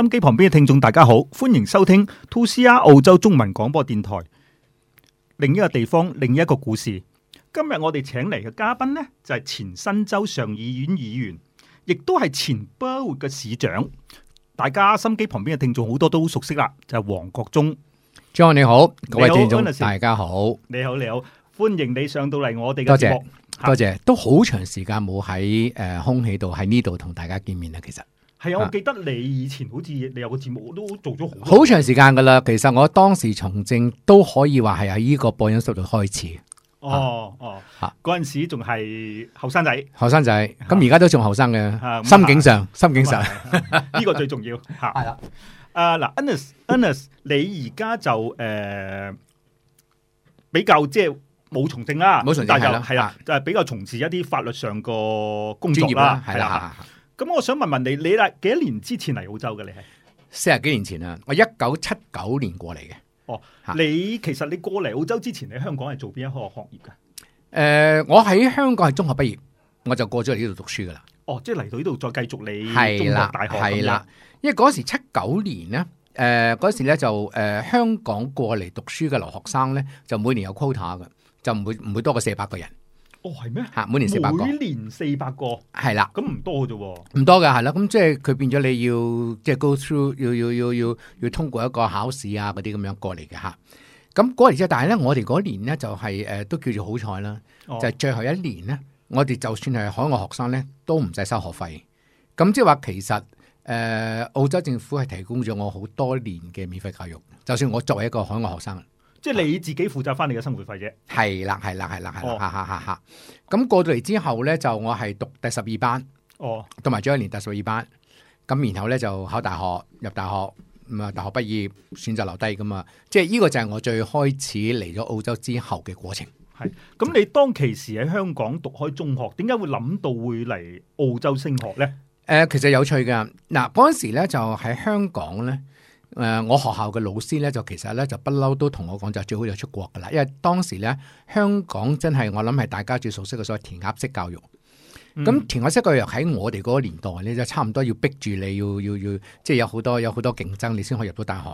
心機旁邊嘅聽眾，大家好，歡迎收聽 2CR 澳洲中文廣播電台。另一個地方，另一個故事。今日我哋請嚟嘅嘉賓呢，就係、是、前新州上議院議員，亦都係前寶活嘅市長。大家心機旁邊嘅聽眾好多都熟悉啦，就係、是、王國忠。John，你好，你好各位聽眾，好大家好。你好，你好，歡迎你上到嚟我哋嘅節目多謝。多謝，都好長時間冇喺誒空氣度喺呢度同大家見面啦，其實。係啊，我記得你以前好似你有個節目都做咗好，好長時間噶啦。其實我當時從政都可以話係喺呢個播音室度開始。哦哦，嗰陣、啊哦、時仲係後生仔，後生仔，咁而家都仲後生嘅，心境上，心境上，呢、嗯嗯這個最重要吓。係啦，誒嗱 Ernest, Ernest，你而家就誒比較即係冇從政啦，冇從政係啦，誒比較從事一啲法律上個工作啦，係啦。咁我想問問你，你嚟幾多年之前嚟澳洲嘅？你係四十幾年前啊，我一九七九年過嚟嘅。哦，你其實你過嚟澳洲之前你香港係做邊一個行業㗎？誒、呃，我喺香港係中學畢業，我就過咗嚟呢度讀書㗎啦。哦，即係嚟到呢度再繼續你中學大學咁啦。因為嗰時七九年咧，誒、呃、嗰時咧就誒、呃、香港過嚟讀書嘅留學生咧，就每年有 quota 噶，就唔會唔會多過四百個人。哦，係咩？吓，每年四百個，每年四百個，係啦的，咁唔多嘅啫，唔多嘅係啦，咁即係佢變咗你要即係 go through，要要要要要通過一個考試啊，嗰啲咁樣過嚟嘅吓，咁過嚟之後，但係咧，我哋嗰年咧就係、是、誒、呃，都叫做好彩啦，哦、就係最後一年咧，我哋就算係海外學生咧，都唔使收學費，咁即係話其實誒、呃，澳洲政府係提供咗我好多年嘅免費教育，就算我作為一個海外學生。即係你自己負責翻你嘅生活費啫。係啦，係啦，係啦，係啦，吓吓吓吓。咁過到嚟之後咧，就我係讀第十二班，哦，同埋再一年第十二班。咁然後咧就考大學，入大學咁啊，大學畢業選擇留低㗎嘛。即係呢個就係我最開始嚟咗澳洲之後嘅過程。係。咁你當其時喺香港讀開中學，點解會諗到會嚟澳洲升學咧？誒、 嗯 嗯嗯，其實有趣噶。嗱，嗰時咧就喺香港咧。 誒、呃，我學校嘅老師咧，就其實咧就不嬲都同我講，就最好就出國噶啦。因為當時咧，香港真係我諗係大家最熟悉嘅所謂填鴨式教育。咁、嗯、填鴨式教育喺我哋嗰個年代，你就差唔多要逼住你要要要，即係有好多有好多競爭，你先可以入到大學。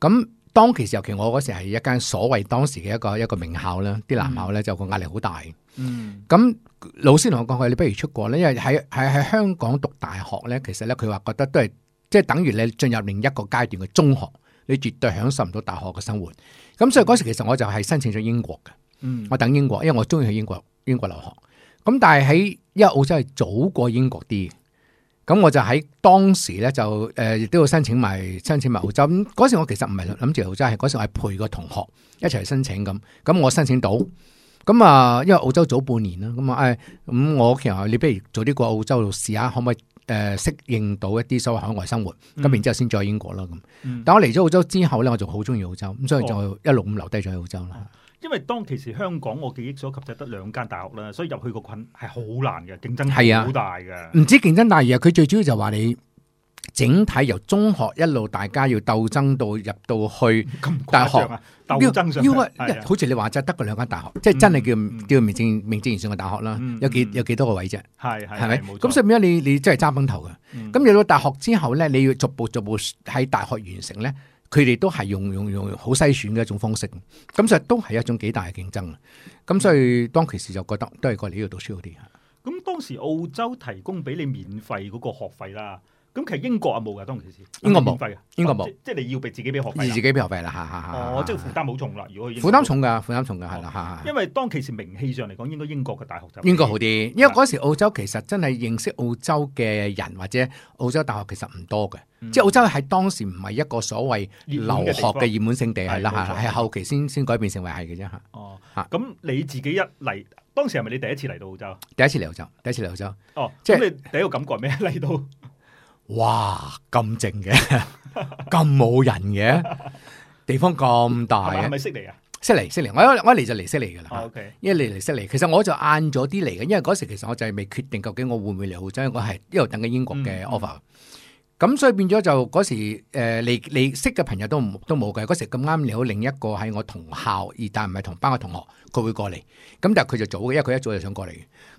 咁當其時，尤其我嗰時係一間所謂當時嘅一個一個名校啦，啲男校咧、嗯、就個壓力好大。咁、嗯、老師同我講，佢話你不如出國咧，因為喺喺喺香港讀大學咧，其實咧佢話覺得都係。即係等於你進入另一個階段嘅中學，你絕對享受唔到大學嘅生活。咁所以嗰時其實我就係申請咗英國嘅，嗯、我等英國，因為我中意去英國英國留學。咁但係喺因為澳洲係早過英國啲，咁我就喺當時咧就誒亦、呃、都要申請埋申請埋澳洲。咁嗰時我其實唔係諗住澳洲，係嗰時我係陪個同學一齊申請咁。咁我申請到，咁啊因為澳洲早半年啦，咁啊咁我其實、哎、你不如早啲過澳洲度試下可唔可以？誒、呃、適應到一啲所謂海外生活，咁、嗯、然之後先再英國啦咁。嗯、但我嚟咗澳洲之後呢，我就好中意澳洲，咁、嗯、所以就一路咁留低咗喺澳洲啦、哦哦。因為當其時香港，我記憶所及只得兩間大學啦，所以入去個羣係好難嘅，競爭係好大嘅。唔、啊、知競爭大而係佢最主要就話你。整體由中學一路，大家要鬥爭到入到去大學啊！鬥爭上，因為好似你話齋得嗰兩間大學，即係真係叫叫名正名正言順嘅大學啦。有幾有幾多個位啫？係係咪？咁所以點解你你真係爭崩頭嘅？咁入到大學之後咧，你要逐步逐步喺大學完成咧，佢哋都係用用用好篩選嘅一種方式。咁所以都係一種幾大嘅競爭啊！咁所以當其時就覺得都係過嚟要讀書好啲啊！咁當時澳洲提供俾你免費嗰個學費啦。咁其實英國啊冇噶。當其時英國冇免費嘅，英國冇，即係你要俾自己俾學費，自己俾學費啦，嚇嚇嚇！哦，即係負擔好重啦，如果負擔重㗎，負擔重㗎，係啦，嚇。因為當其時名氣上嚟講，應該英國嘅大學就英國好啲，因為嗰時澳洲其實真係認識澳洲嘅人或者澳洲大學其實唔多嘅，即係澳洲係當時唔係一個所謂留學嘅熱門勝地，係啦係啦，係後期先先改變成為係嘅啫嚇。哦，嚇咁你自己一嚟，當時係咪你第一次嚟到澳洲？第一次嚟澳洲，第一次嚟澳洲。哦，咁你第一個感覺係咩？嚟到？哇，咁靜嘅，咁冇人嘅 地方咁大嘅，係咪悉尼啊？悉尼，悉尼，我一嚟就嚟悉尼㗎啦。O、oh, K，okay. 一嚟嚟悉尼，其實我就晏咗啲嚟嘅，因為嗰時其實我就係未決定究竟我會唔會嚟澳洲，我係一路等緊英國嘅 offer、嗯。咁所以變咗就嗰時，誒、呃，你你識嘅朋友都都冇嘅。嗰時咁啱有另一個係我同校，而但唔係同班嘅同學，佢會過嚟。咁但係佢就早嘅，因為佢一早就想過嚟。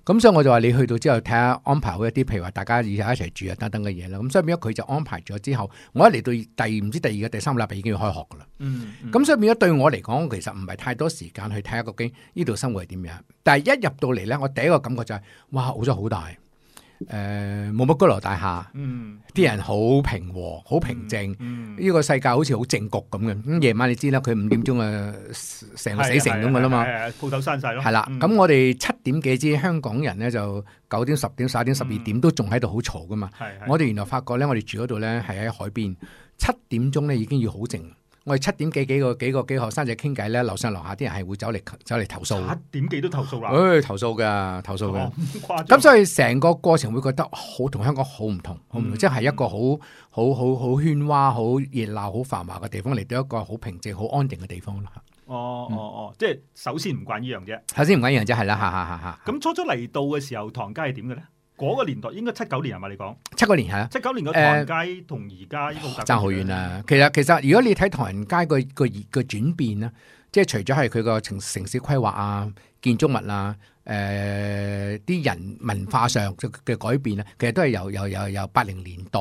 咁所以我就話你去到之後睇下安排好一啲，譬如話大家以後一齊住啊等等嘅嘢啦。咁所以變咗佢就安排咗之後，我一嚟到第唔知第二個第三個禮拜已經要開學噶啦。咁、嗯嗯、所以變咗對我嚟講，其實唔係太多時間去睇下究竟呢度生活係點樣。但係一入到嚟咧，我第一個感覺就係、是，哇，澳洲好大。誒，冇乜高樓大廈，啲人好平和，好平靜，呢、嗯嗯、個世界好似好靜局咁嘅。咁、嗯、夜晚你知啦，佢五點鐘啊，成個死城咁噶啦嘛，鋪頭閂晒咯。係啦了，咁、嗯、我哋七點幾之香港人咧，就九點、十點、十一點、十二點、十二點都仲喺度好嘈噶嘛。嗯、我哋原來發覺咧，我哋住嗰度咧係喺海邊，七點鐘咧已經要好靜。我哋七點幾幾個幾個幾個學生仔傾偈咧，樓上樓下啲人係會走嚟走嚟投訴。七點幾都投訴啦。誒、哎，投訴㗎，投訴㗎。咁、哦、所以成個過程會覺得好同香港好唔同，好唔、嗯、即係一個好好好好喧嘩、好熱鬧、好繁華嘅地方嚟到一個好平靜、好安定嘅地方咯、哦。哦哦哦，嗯、即係首先唔慣依樣啫。首先唔慣依樣啫，係啦，嚇嚇嚇嚇。咁初初嚟到嘅時候，唐街係點嘅咧？嗰個年代應該七九年係嘛？你講七個年係啊，七九年嘅唐人街同而家爭好遠啊！其實其實，如果你睇唐人街個個個轉變啊，即係除咗係佢個城城市規劃啊、建築物啊、誒啲人文化上嘅改變啊，其實都係由由由由八零年代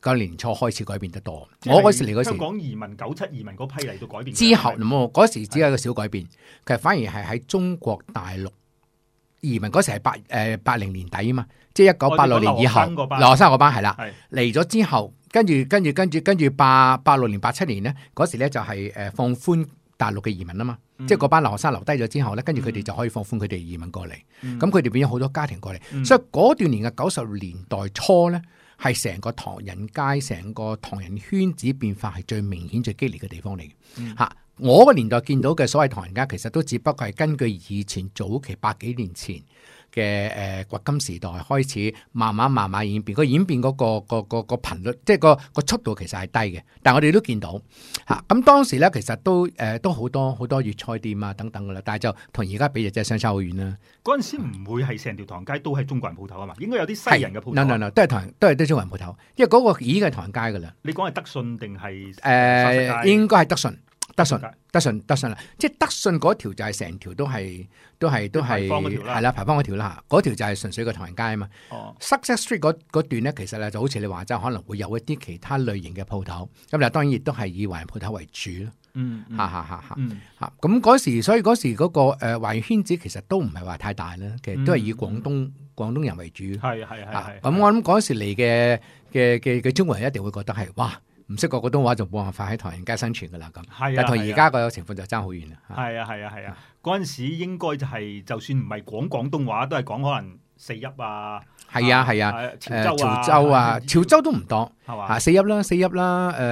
九零年初開始改變得多。我嗰時嚟嗰時，香港移民九七移民嗰批嚟到改變。之後冇嗰時只有個小改變，其實反而係喺中國大陸移民嗰時係八誒八零年底啊嘛。即係一九八六年以後，留學生個班係啦，嚟咗的之後，跟住跟住跟住跟住八八六年、八七年呢嗰時呢，就係、是、誒、呃、放寬大陸嘅移民啊嘛，嗯、即係嗰班留學生留低咗之後呢，跟住佢哋就可以放寬佢哋移民過嚟，咁佢哋變咗好多家庭過嚟，嗯、所以嗰段年嘅九十年代初呢，係成個唐人街、成個唐人圈子變化係最明顯、最激烈嘅地方嚟嘅。吓、嗯，嗯、我個年代見到嘅所謂唐人街，其實都只不過係根據以前早期百幾年前。嘅誒掘金時代開始，慢慢慢慢演變，佢演變嗰、嗰個、嗰個、嗰個、嗰個頻率，即係、嗰個、嗰個速度其實係低嘅。但係我哋都見到嚇，咁、啊、當時咧其實都誒、呃、都好多好多粵菜店啊等等㗎啦。但係就同而家比就真係相差好遠啦。嗰陣時唔會係成條唐街都係中國人鋪頭啊嘛，應該有啲西人嘅鋪頭。係，嗱嗱嗱，都係唐，都係都係中國人鋪頭，因為嗰個已經係唐街㗎啦。你講係德信定係誒？應該係德信。德信、德信、德信啦，即係德信嗰條就係成條都係都係都係，係啦，排坊嗰條啦吓，嗰條就係純粹個唐人街啊嘛。Sussex Street 嗰段咧，其實咧就好似你話齋，可能會有一啲其他類型嘅鋪頭，咁又當然亦都係以華人鋪頭為主咯。嗯，吓吓吓吓，吓咁嗰時，所以嗰時嗰個誒華人圈子其實都唔係話太大啦，其實都係以廣東廣東人為主。係係係，咁我諗嗰時嚟嘅嘅嘅嘅中國人一定會覺得係哇。唔識講廣東話就冇辦法喺唐人街生存噶啦咁，但同而家個情況就爭好遠啦。係啊係啊係啊，嗰陣時應該就係就算唔係講廣東話，都係講可能四邑啊，係啊係啊，潮州啊，潮州都唔多係嘛，四邑啦四邑啦，誒誒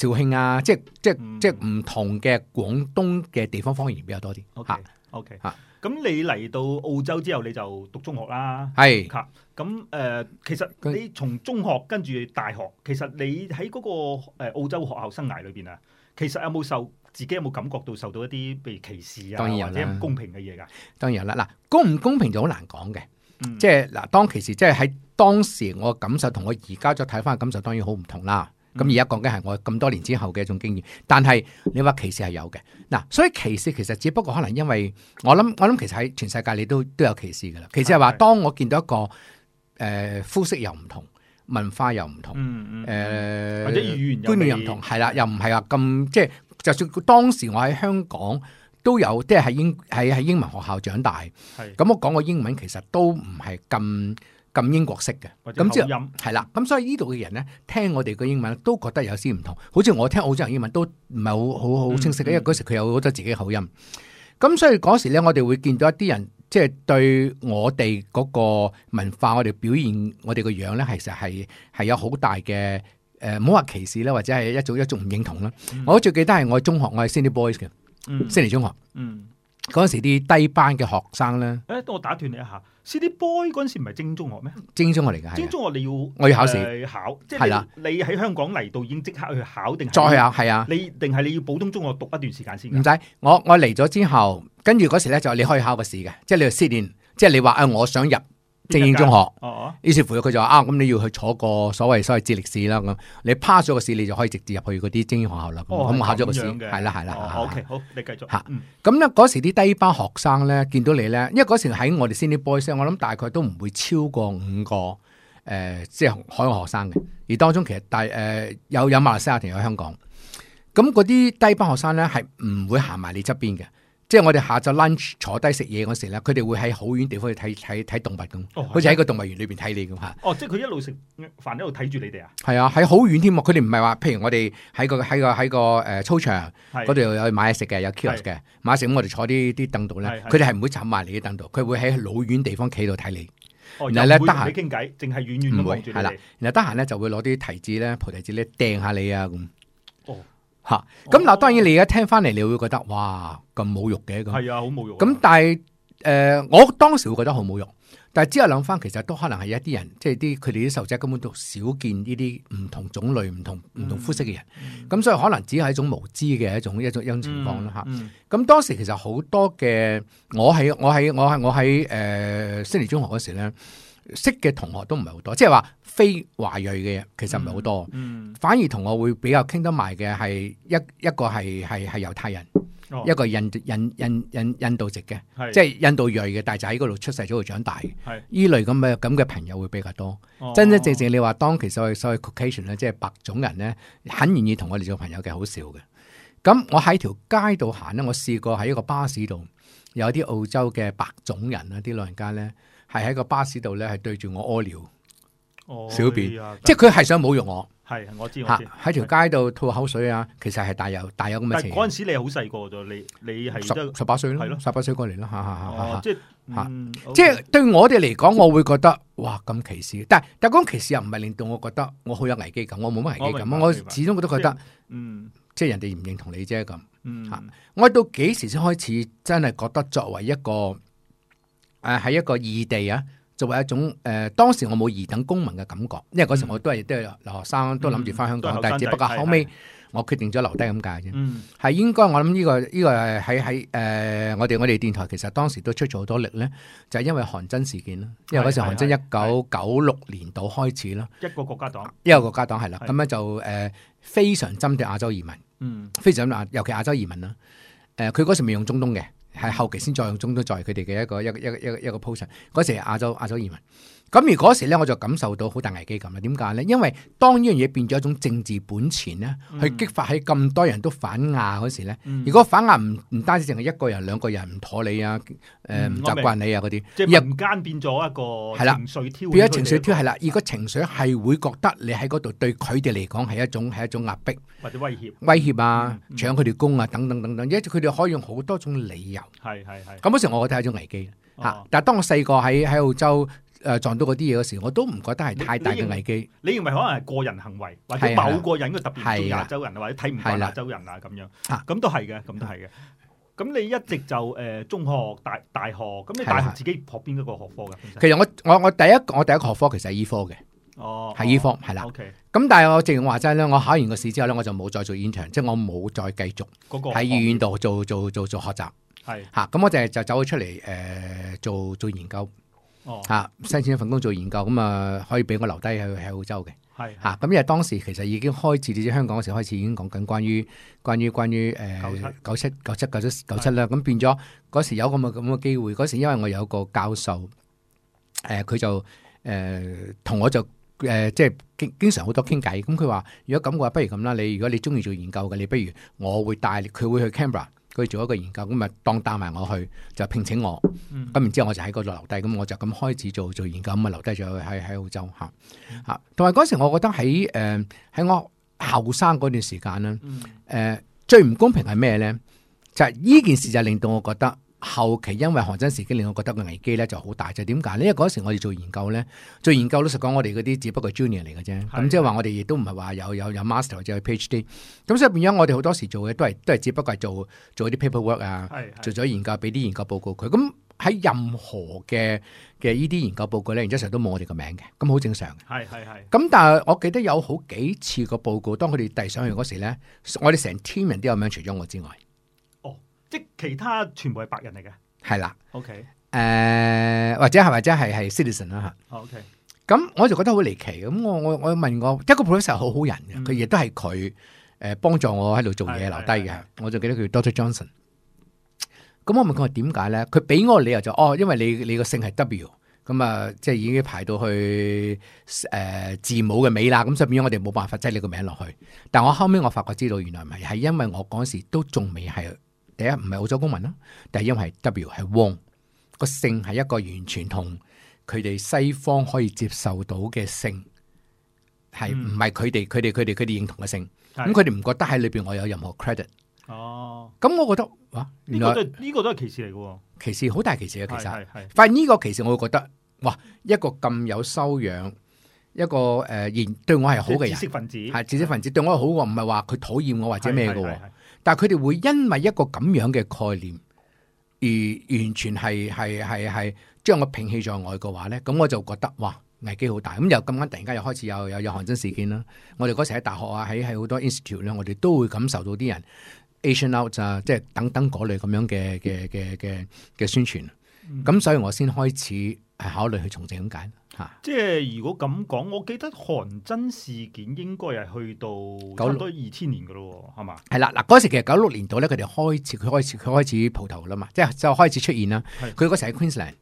肇慶啊，即係即係即係唔同嘅廣東嘅地方方言比較多啲。O K O K 啊，咁你嚟到澳洲之後你就讀中學啦，係。咁誒、嗯，其實你從中學跟住大學，其實你喺嗰個澳洲學校生涯裏邊啊，其實有冇受自己有冇感覺到受到一啲被歧視啊，當然或者唔公平嘅嘢㗎？當然啦，嗱公唔公平就好難講嘅，嗯、即係嗱當歧視，即係喺當時我嘅感受同我而家再睇翻嘅感受，感受當然好唔同啦。咁而家講緊係我咁多年之後嘅一種經驗，但係你話歧視係有嘅，嗱所以歧視其實只不過可能因為我諗我諗其實喺全世界你都都有歧視㗎啦。其實係話當我見到一個。誒、呃、膚色又唔同，文化又唔同，誒、嗯嗯呃、或者語言觀念又唔同，係啦，又唔係話咁即係，就算當時我喺香港都有，即係喺英喺喺英文學校長大，咁的我講個英文其實都唔係咁咁英國式嘅，咁之後係啦。咁所以呢度嘅人咧，聽我哋嘅英文都覺得有啲唔同。好似我聽澳洲人英文都唔係好好好清晰嘅，嗯嗯、因為嗰時佢有好多自己嘅口音。咁所以嗰時咧，我哋會見到一啲人。即係對我哋嗰個文化，我哋表現我哋個樣咧，其實係係有好大嘅誒，唔好話歧視啦，或者係一種一種唔認同啦。嗯、我最記得係我中學，我係 City Boys 嘅，嗯，悉 y 中學，嗯。嗰陣時啲低班嘅學生咧，誒、欸，等我打斷你一下，C D boy 嗰陣時唔係精中學咩？精中學嚟嘅，係精、啊、中學，你要我要考試、呃、考，即係啦，啊、你喺香港嚟到已經即刻去考定？再去考啊，係啊，你定係你要普通中學讀一段時間先？唔使，我我嚟咗之後，跟住嗰時咧就係你可以考個試嘅，即係你要試練，即係你話啊，我想入。精英中學，何於是乎佢就話：啊，咁你要去坐個所謂所謂智力試啦。咁、啊、你 pass 咗個試，你就可以直接入去嗰啲精英學校啦。咁考咗個試，係啦係啦。O K，好，你繼續。嚇、嗯，咁咧嗰時啲低班學生咧，見到你咧，因為嗰時喺我哋 Sydney Boys，我諗大概都唔會超過五個，誒、呃，即係海外學生嘅。而當中其實大誒、呃、有有馬來西亞團，有香港。咁嗰啲低班學生咧，係唔會行埋你側邊嘅。即係我哋下晝 lunch 坐低食嘢嗰時咧，佢哋會喺好遠地方去睇睇睇動物咁，好似喺個動物園裏邊睇你咁吓？哦，即係佢一路食飯一路睇住你哋啊？係啊，喺好遠添啊！佢哋唔係話，譬如我哋喺個喺個喺個誒操場嗰度有買嘢食嘅，有 kiosk 嘅買嘢食咁，我哋坐啲啲凳度咧，佢哋係唔會枕埋你啲凳度，佢會喺老遠地方企度睇你。然後咧，得閒傾偈，淨係遠遠咁望住你哋。然後得閒咧就會攞啲提子咧、葡提子咧掟下你啊咁。嚇！咁嗱、嗯，當然你而家聽翻嚟，你會覺得「哇咁侮辱嘅咁。係啊，好侮辱！咁但係誒、呃，我當時會覺得好侮辱。」但係之後諗翻，其實都可能係一啲人，即係啲佢哋啲受者根本都少見呢啲唔同種類、唔同唔同膚色嘅人。咁、嗯嗯、所以可能只係一種無知嘅一種一種一種情況啦嚇。咁當時其實好多嘅，我喺我喺我喺我喺誒悉尼中學嗰時咧，識嘅同學都唔係好多，即係話。非華裔嘅其實唔係好多，嗯嗯、反而同我會比較傾得埋嘅係一一個係係係猶太人，一個印印印印印度籍嘅，哦、即係印度裔嘅，大仔喺嗰度出世，喺嗰度長大。呢是類咁嘅咁嘅朋友會比較多，哦、真真正正你話當其實我所謂 caucasian 咧，即係白種人咧，很願意同我哋做朋友嘅，好少嘅。咁我喺條街度行咧，我試過喺一個巴士度有啲澳洲嘅白種人啦，啲老人家咧係喺個巴士度咧係對住我屙尿。小便，即係佢係想侮辱我。係，我知我知。喺條街度吐口水啊，其實係大有大有咁嘅情，係嗰陣時你好細個咗，你你係十十八歲咯，十八歲過嚟咯，吓吓吓吓即係，即係對我哋嚟講，我會覺得哇咁歧視。但係但係嗰歧視又唔係令到我覺得我好有危機感，我冇乜危機感。我始終我都覺得，嗯，即係人哋唔認同你啫咁。吓，我到幾時先開始真係覺得作為一個誒喺一個異地啊？作為一種誒、呃，當時我冇二等公民嘅感覺，因為嗰時我都係都係留學生，嗯、都諗住返香港，但係只不過後尾我決定咗留低咁解啫。嗯，係應該我諗呢、呢個呢、呢個喺喺誒，我哋我哋電台其實當時都出咗好多力咧，就係、是、因為韓真事件啦。因為嗰時韓真一九九六年度開始啦，一個國家黨，一個國家黨係啦，咁咧是就誒、呃、非常針對亞洲移民，嗯，非常尤其亞洲移民啦。誒、呃，佢嗰時未用中東嘅。係後期先再用，中都作為佢哋嘅一個一個一個一個一個 position 嗰時係亞洲亞洲移民。咁如嗰時咧，我就感受到好大危機感啦。點解咧？因為當呢樣嘢變咗一種政治本錢咧，去激發起咁多人都反亞嗰時咧。如果反亞唔唔單止淨係一個人、兩個人唔妥你啊，誒唔習慣你啊嗰啲，亦唔間變咗一個係啦情緒挑，變咗情緒挑係啦。如果情緒係會覺得你喺嗰度對佢哋嚟講係一種係一種壓迫或者威脅，威脅啊，搶佢哋工啊，等等等等，因為佢哋可以用好多種理由。係係係。咁嗰時我覺得係一種危機吓。但係當我細個喺喺澳洲。誒，撞到嗰啲嘢嘅時候，我都唔覺得係太大嘅危機。你認為可能係個人行為，或者某個人嘅特別中亞洲人，的或者睇唔慣亞洲人啊咁的樣，咁都係嘅，咁都係嘅。咁你一直就誒、呃、中學大大學，咁你大學自己學邊一個學科嘅？的其實我我我第一我第一個學科其實係醫科嘅，哦，係醫科係啦。咁的 okay. 但係我正如話真係咧，我考完個試之後咧，我就冇再做現場，即、就、係、是、我冇再繼續喺醫院度做做做做，做，做學習，係吓的。咁的我就係就走咗出嚟誒做做，做研究。嚇、哦啊，申請一份工作做研究，咁啊可以俾我留低去喺澳洲嘅。係嚇是，咁、啊、因為當時其實已經開始，你知香港嗰時開始已經開始講緊關於關於關於誒、呃、九七九七九七九七九七啦。咁是、啊、變咗嗰時有個咁嘅機會，嗰時因為我有個教授，誒、呃、佢就誒同、呃、我就誒、呃、即係經經常好多傾偈。咁佢話：如果咁嘅話，不如咁啦。你如果你中意做研究嘅，你不如我會帶佢會去 Canberra 去做一個研究，咁咪當帶埋我去，就聘請我。咁、嗯、然之後我就喺嗰度留低，咁我就咁開始做做研究，咁咪留低咗喺喺澳洲吓吓。同埋嗰時，我覺得喺誒喺我後生嗰段時間咧，誒、呃、最唔公平係咩咧？就係、係、呢件事就令到我覺得。後期因為寒真時期令我覺得個危機咧，就好大，就點解呢？因為嗰時我哋做研究咧，做研究老實講，是的 我哋嗰啲只不過係 junior 嚟嘅啫，咁即係話我哋亦都唔係話有有有 master 或者有 PhD，咁所以變咗我哋好多時做嘅都係都係只不過係做做啲 paperwork 啊，是的 做咗研究，俾啲研究報告佢。咁喺任何嘅嘅呢啲研究報告咧，然之後成日都冇我哋個名嘅，咁好正常。係係係。咁但係我記得有好幾次個報告，當佢哋遞上去嗰時咧，我哋成 team 人都有名，除咗我之外。即其他全部係白人嚟嘅，係啦。OK，誒或者係或者係係 Citizen 啦吓 OK，咁我就覺得好離奇。咁我我我問過一個 professor 好好人嘅，佢亦都係佢誒幫助我喺度做嘢留低嘅。我就記得佢 Doctor Johnson。咁我問佢點解咧？佢俾我個理由就：哦，因為你你個姓係 W，咁啊即係已經排到去誒字母嘅尾啦。咁所以我哋冇辦法擠你個名落去。但我後尾我發覺知道原來唔係，係因為我嗰時都仲未係。第一唔係澳洲公民啦，第二因為 W 係王個姓係一個完全同佢哋西方可以接受到嘅姓，係唔係佢哋佢哋佢哋佢哋認同嘅姓，咁佢哋唔覺得喺裏邊我有任何 credit。哦，咁我覺得哇，原來呢個都呢個都係歧視嚟嘅，歧視好大歧視啊！其實係係，但係呢個歧視我會覺得哇，一個咁有修養一個誒、呃，對我係好嘅人知識分子係知識分子對我係好嘅，唔係話佢討厭我或者咩嘅。但係佢哋會因為一個咁樣嘅概念而完全係係係係將我摒棄在外嘅話咧，咁我就覺得哇，危機好大。咁又咁啱突然間又開始有有有韓真事件啦。我哋嗰時喺大學啊，喺喺好多 institute 咧，我哋都會感受到啲人 Asian out 啊，即係等等嗰類咁樣嘅嘅嘅嘅嘅宣傳。咁、嗯、所以我先開始係考慮去從政。咁解。即係如果咁講，我記得韓真事件應該係去到差唔多二千年嘅咯，係嘛 96 吧？係啦，嗱嗰時其實九六年度咧，佢哋開始佢開始佢開始蒲頭啦嘛，即係就開始出現啦。佢嗰是時喺 Queensland，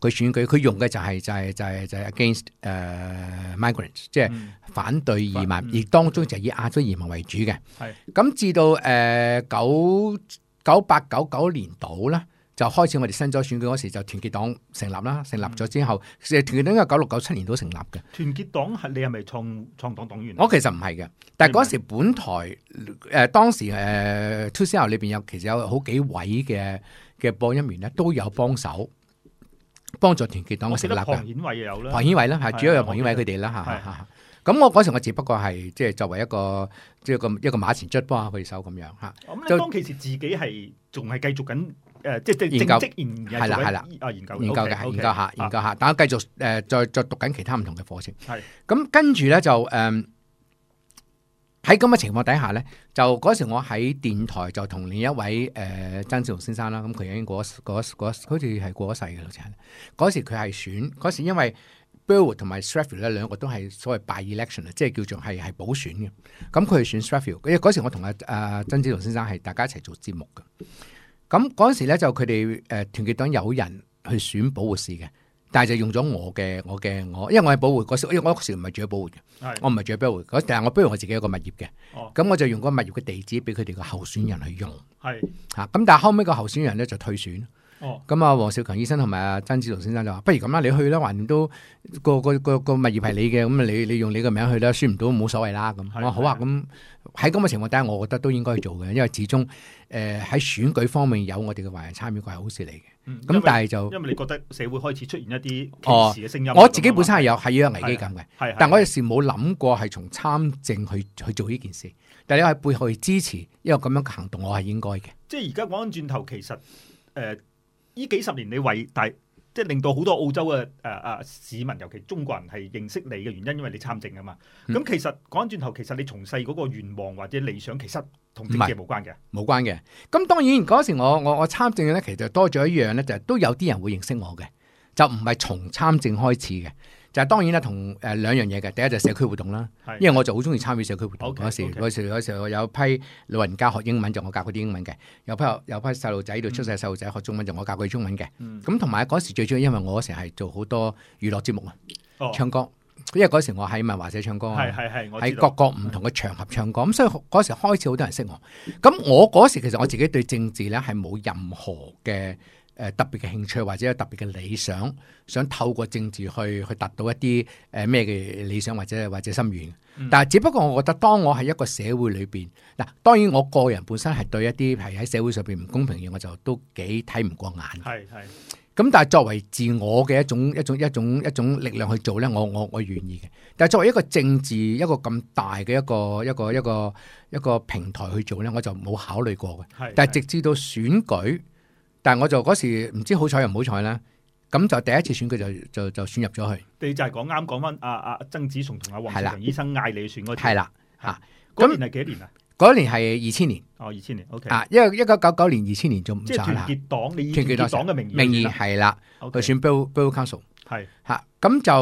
佢選舉佢用嘅就係、是、就係、是、就係、是、就係、是、against 誒、uh, migrants，即係反對移民，亦、嗯、當中就係以亞洲移民為主嘅。係咁是至到誒九九八九九年度咧。就開始，我哋新州選舉嗰時就團結黨成立啦。成立咗之後，誒團結黨應該九六九七年都成立嘅。團結黨係，你係咪創創黨黨員？我其實唔係嘅，但係嗰時本台誒當時誒 2CR 裏邊有其實有好幾位嘅嘅播音員呢，都有幫手幫助團結黨嘅成立嘅。唐顯偉有啦，唐顯偉啦，係主要有唐顯偉佢哋啦嚇。咁我嗰時我只不過係即係作為一個即係個一個馬前卒幫下佢手咁樣嚇。咁當其實自己係仲係繼續緊。誒，即係研究，係啦，係啦，研究，研究嘅，OK 是研究下，啊、研究下。但係我繼續誒、呃，再再讀緊其他唔同嘅課程。係是。咁跟住咧就誒，喺咁嘅情況底下咧，就嗰時我喺電台就同另一位誒、呃、曾志豪先生啦。咁佢已經過過過，好似係過咗世嘅老陳。嗰時佢係選嗰時，因為 Burwood 同埋 Strathfield 咧兩個都係所謂 by-election 啊，即係叫做係係補選嘅。咁佢係選 Strathfield。因為嗰時我同阿阿曾志豪先生係大家一齊做節目嘅。咁嗰陣時咧就佢哋誒，團結黨有人去選寶活市嘅，但係就用咗我嘅我嘅我，因為我係寶活嗰時，因為我嗰時唔係住喺寶活嘅，我唔係住喺寶活，嗰，但係我不如我，我自己有個物業嘅，咁、哦、我就用嗰個物業嘅地址俾佢哋個候選人去用，吓是，咁、啊、但係後尾個候選人咧就退選。咁啊，黃、哦、少強醫生同埋阿曾志豪先生就話：不如咁啦，你去啦，橫掂都個個個個物業係你嘅，咁你你用你名是的 個名去啦，輸唔到冇所謂啦。咁，好啊，咁喺咁嘅情況底下，我覺得都應該去做嘅，因為始終誒喺選舉方面有我哋嘅華人參與過，係好事嚟嘅。咁、嗯、為但係就因為你覺得社會開始出現一啲歧視聲哦嘅聲音，我自己本身係有係有危機感嘅，但我有時冇諗過係從參政去去做呢件事。但係你喺背後去支持，因為咁樣嘅行動，我係應該嘅。即係而家講翻轉頭，其實誒。呃呢幾十年你為大，即係令到好多澳洲嘅誒誒市民，尤其中國人係認識你嘅原因，因為你參政啊嘛。咁、嗯、其實講翻轉頭，其實你從細嗰個願望或者理想，其實同政界冇關嘅，冇關嘅。咁當然嗰時我我我參政嘅咧，其實多咗一樣咧，就係、都有啲人會認識我嘅，就唔係從參政開始嘅。就係當然啦，同誒、呃、兩樣嘢嘅，第一就係社區活動啦。是因為我就好中意參與社區活動嗰 Okay, okay. 時，嗰時候有批老人家學英文，就我教佢啲英文嘅；有批有批細路仔度出世，細路仔學中文，就我教佢中文嘅。咁同埋嗰時最主要，因為我嗰時係做好多娛樂節目啊，哦、唱歌。因為嗰時我喺文華社唱歌啊，係係係，我知道喺各個唔同嘅場合唱歌。咁是所以嗰時開始好多人識我。咁我嗰時其實我自己對政治咧係冇任何嘅，誒、呃，特別嘅興趣或者有特別嘅理想，想透過政治去去達到一啲誒咩嘅理想或者或者心願。嗯、但係只不過我覺得，當我喺一個社會裏邊，嗱，當然我個人本身係對一啲係喺社會上邊唔公平嘅，我就都幾睇唔過眼。係係。咁但係作為自我嘅一種一種一種一種一種力量去做咧，我我我願意嘅。但係作為一個政治一個咁大嘅一個一個一個一個一個平台去做咧，我就冇考慮過嘅。但係直至到選舉。是但係我就嗰時唔知好彩又唔好彩啦，咁就第一次選舉就就就選入咗去。你就係講啱講翻阿阿曾子松同阿黃長醫生嗌你選嗰次。係啦，吓嗰年係幾年啊？嗰年係二千年。哦，二千年。O K 啊，因為一九九九年、二千年就唔即係團結黨，你團結黨嘅名名義係啦，去選 Bill Council 係吓，咁就誒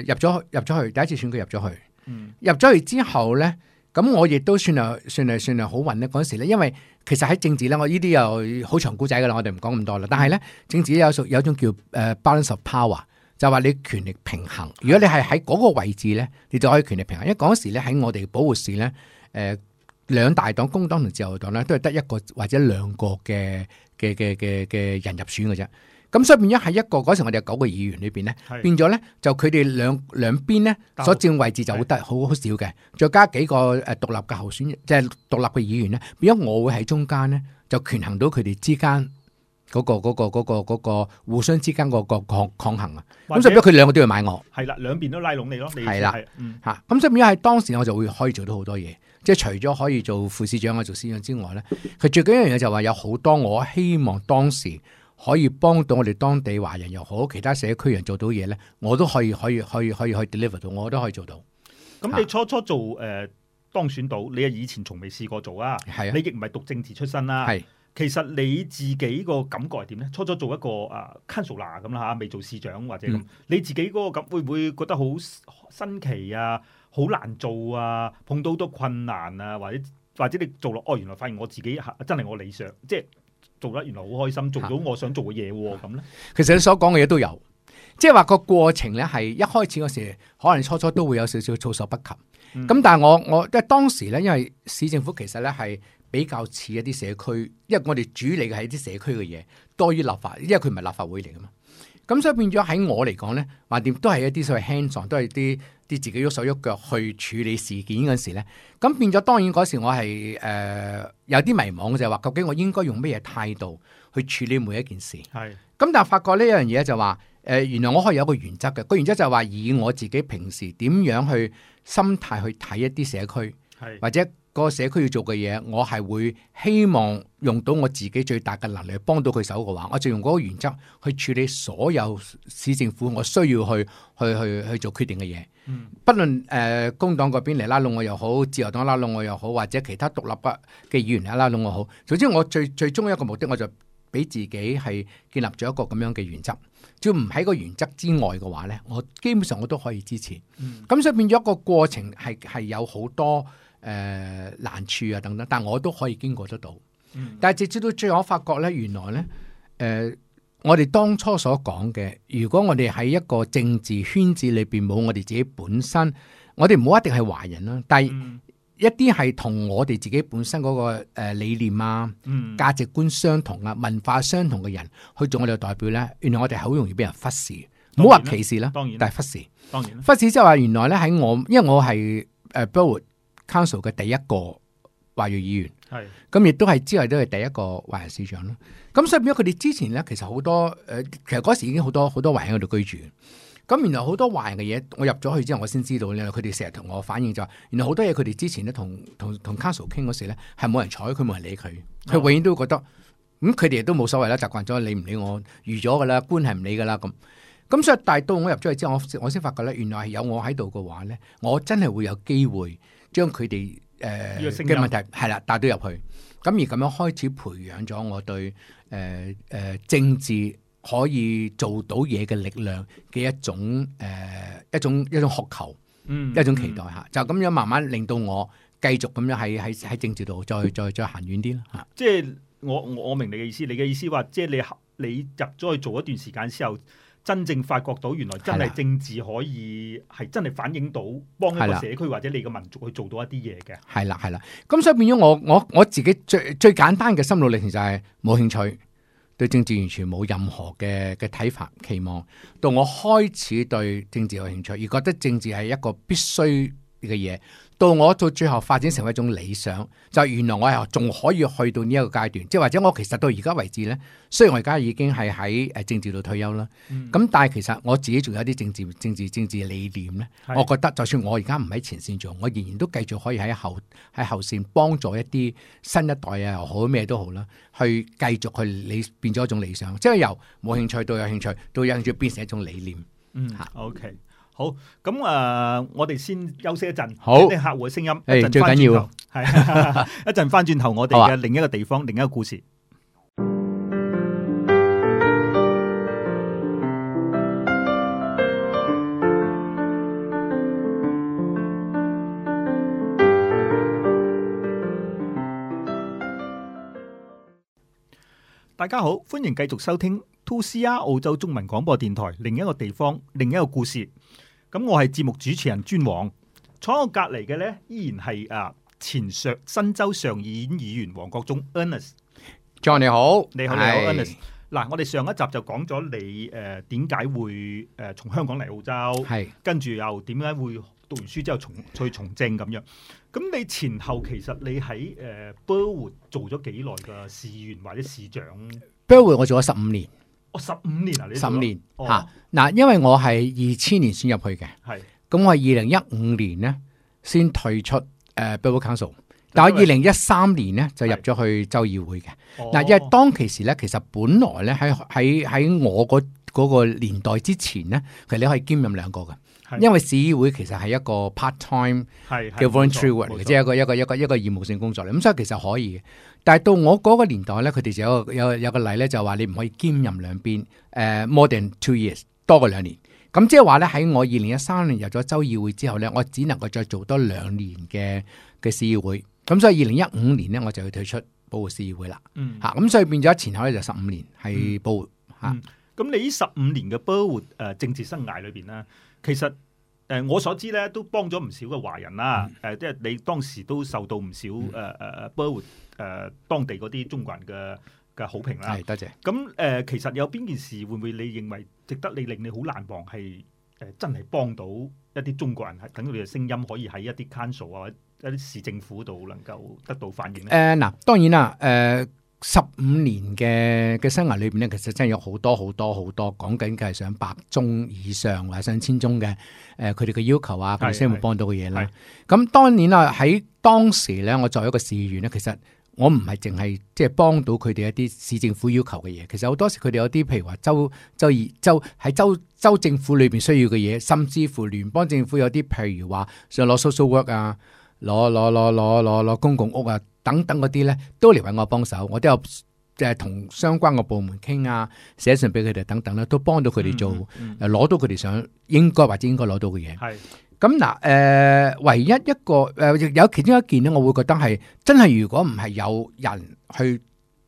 入咗入咗去，第一次選舉入咗去。嗯，入咗去之後咧，咁我亦都算係算係算係好運咧。嗰時咧，因為。其實喺政治咧，我呢啲又好長古仔噶啦，我哋唔講咁多啦。但係咧，政治有屬有種叫誒 balance of power，就話你權力平衡。如果你係喺嗰個位置咧，你就可以權力平衡。因為嗰時咧，喺我哋寶活市咧，誒、呃、兩大黨工黨同自由黨咧，都係得一個或者兩個嘅嘅嘅嘅嘅人入選嘅啫。咁所以變咗係一個嗰時我哋有九個議員裏邊咧，的變咗咧就佢哋兩兩邊咧所佔位置就好得好好少嘅，再加的幾個誒獨立嘅候選人，即係獨立嘅議員咧，變咗我會喺中間咧，就權衡到佢哋之間嗰、那個嗰、那個嗰、那個嗰、那個、那個那個、互相之間個個抗抗衡啊。咁者所以佢兩個都要買我，係啦，兩邊都拉攏你咯，係啦，吓咁所以變咗係當時我就會可以做到好多嘢，即係除咗可以做副市長啊做市長之外咧，佢最緊要一樣嘢就話有好多我希望當時。可以幫到我哋當地華人又好，其他社區人做到嘢呢，我都可以可以可以可以可以 deliver 到，我都可以做到。咁你初初做誒、呃、當選到，你又以前從未試過做啊？是啊你亦唔係讀政治出身啦、啊。是啊、其實你自己個感覺係點呢？初初做一個啊 councillor 咁啦嚇，未做市長或者咁，嗯、你自己嗰個感覺咁會唔會覺得好新奇啊？好難做啊！碰到好多困難啊，或者或者你做落，哦原來發現我自己真係我的理想，即係。做得原來好開心，做到我想做嘅嘢喎，咁咧的。呢其實你所講嘅嘢都有，即係話個過程咧，係一開始嗰時可能初初都會有少少措手不及。咁、嗯、但係我我即係當時咧，因為市政府其實咧係比較似一啲社區，因為我哋主理嘅係一啲社區嘅嘢多於立法，因為佢唔係立法會嚟噶嘛。咁所以變咗喺我嚟講咧，橫掂都係一啲所謂 hands-on，都係一啲。啲自己喐手喐腳去處理事件嗰時咧，咁變咗當然嗰時我係誒、呃、有啲迷茫嘅就係話，究竟我應該用咩嘢態度去處理每一件事？係是。咁但係發覺呢樣嘢就話，誒、呃、原來我可以有個原則嘅，個原則就係話以我自己平時點樣去心態去睇一啲社區，係是或者。個社區要做嘅嘢，我係會希望用到我自己最大嘅能力幫到佢手嘅話，我就用嗰個原則去處理所有市政府我需要去去去去做決定嘅嘢。嗯，不論誒、呃、工黨嗰邊嚟拉攏我又好，自由黨拉攏我又好，或者其他獨立嘅嘅議員嚟拉攏我好，總之我最最終一個目的，我就俾自己係建立咗一個咁樣嘅原則。只要唔喺個原則之外嘅話呢，我基本上我都可以支持。嗯，咁所以變咗一個過程係係有好多。誒、呃，難處啊，等等，但我都可以經過得到。嗯、但係直至到最後，我發覺咧，原來咧，誒、呃，我哋當初所講嘅，如果我哋喺一個政治圈子裏邊冇我哋自己本身，我哋唔好一定係華人啦。但係一啲係同我哋自己本身嗰個誒理念啊、價、嗯、值觀相同啊、文化相同嘅人，去做我哋嘅代表咧，原來我哋好容易俾人忽視，唔好話歧視啦。當然，但係忽視，當然忽視即係話，原來咧喺我，因為我係誒，Council 嘅第一個華裔議員，係咁是，亦都係之後都係第一個華人市長咯。咁所以變咗佢哋之前咧，其實好多誒、呃，其實嗰時已經好多好多華人喺嗰度居住。咁原來好多華人嘅嘢，我入咗去，就是哦嗯、去之後，我先知道咧。佢哋成日同我反映就話，原來好多嘢佢哋之前咧，同同同 Council 傾嗰時咧，係冇人睬佢，冇人理佢，佢永遠都覺得咁佢哋都冇所謂啦，習慣咗理唔理我，預咗噶啦，官係唔理噶啦咁。咁所以大到我入咗去之後，我我先發覺咧，原來係有我喺度嘅話咧，我真係會有，有機會。將佢哋誒嘅問題係啦帶到入去，咁而咁樣開始培養咗我對誒誒、呃呃、政治可以做到嘢嘅力量嘅一種誒、呃、一種一種渴求，嗯，一種期待吓，嗯、就咁樣慢慢令到我繼續咁樣喺喺喺政治度再再再行遠啲啦吓。即係我我我明你嘅意思，你嘅意思話即係你入你入咗去做一段時間之後。真正發覺到原來真係政治可以係真係反映到幫的一個社區或者你個民族去做到一啲嘢嘅，係啦係啦。咁所以變咗我我我自己最最簡單嘅心路歷程就係冇興趣，對政治完全冇任何嘅嘅睇法期望，到我開始對政治有興趣而覺得政治係一個必須嘅嘢。到我到最後發展成為一種理想，就原來我又仲可以去到呢一個階段，即係或者我其實到而家為止呢。雖然我而家已經係喺政治度退休啦，咁、嗯、但係其實我自己仲有啲政治政治政治理念咧，是我覺得就算我而家唔喺前線做，我仍然都繼續可以喺後喺後線幫助一啲新一代啊，又好咩都好啦，去繼續去理變咗一種理想，即係由冇興趣到有興趣，嗯、到有興趣，有興趣變成一種理念。OK、嗯。Okay. 好，咁誒，我哋先休息一陣，聽聽客戶嘅聲音。誒，最緊要係一陣返轉頭，我哋嘅另一個地方，另一個故事。大家好，歡迎繼續收聽 2CR 澳洲中文廣播電台，另一個地方，另一個故事。咁我係節目主持人尊王，坐我隔籬嘅咧依然係啊前新州上議院議員王國忠 Ernest，John 你，你好，你好你好 Ernest, 是 t 嗱，我哋上一集就講咗你誒點解會誒從香港嚟澳洲。係跟住又點解會讀完書之後從去從政咁樣，咁你前後其實你喺誒 Burwood 做咗幾耐嘅市議員或者市長？Burwood 我做咗十五年。十五年啊！十五年吓，嗱、哦，因為我係二千年先入去嘅，係的，咁我係二零一五年咧先退出誒、呃、Burwood Council，因但係二零一三年咧就入咗去州議會嘅。嗱的，因為當其時咧，其實本來咧喺喺喺我個嗰年代之前咧，其實你可以兼任兩個嘅。因為市議會其實係一個 part time 叫 volunteer 嘅，voluntary work, 即係一個一個一個一個義務性工作嚟。咁、嗯、所以其實可以，嘅。但係到我嗰個年代咧，佢哋就有一有有個例咧，就話你唔可以兼任兩邊。誒、uh,，more than two years 多過兩年，咁即係話咧喺我二零一三年入咗州議會之後咧，我只能夠再做多兩年嘅嘅市議會。咁所以二零一五年咧，我就要退出保活市議會啦。吓咁、嗯啊、所以變咗前後咧就十五年係保活。吓、嗯，咁、啊嗯、你呢十五年嘅保活誒、呃、政治生涯裏邊咧？其實，誒、呃、我所知咧，都幫咗唔少嘅華人啦。誒、嗯，即係、呃、你當時都受到唔少誒誒誒，包括、嗯呃、當地嗰啲中國人嘅嘅好評啦。係、嗯，多謝，謝。咁誒、嗯呃，其實有邊件事會唔會你認為值得你令你好難忘？係、呃、誒，真係幫到一啲中國人，係等佢哋嘅聲音可以喺一啲 council 啊，或者一啲市政府度能夠得到反應咧。誒嗱、呃，當然啦，誒、呃。十五年嘅嘅生涯裏邊咧，其實真係有好多好多好多，講緊佢係上百宗以上，或者上千宗嘅，誒、呃，佢哋嘅要求啊，佢哋先會幫到嘅嘢啦。咁是當然啦，喺當時咧，我作為一個市議員咧，其實我唔係淨係即係幫到佢哋一啲市政府要求嘅嘢，其實好多時佢哋有啲，譬如話州州二州喺州州，州政府裏邊需要嘅嘢，甚至乎聯邦政府有啲，譬如話想攞 social work 啊，攞攞攞攞攞攞公共屋啊。等等嗰啲咧，都嚟揾我幫手，我都有誒、呃、同相關嘅部門傾啊，寫信俾佢哋等等啦，都幫到佢哋做誒攞、嗯嗯、到佢哋想應該或者應該攞到嘅嘢。係咁嗱誒，唯一一個誒、呃、有其中一件咧，我會覺得係真係如果唔係有人去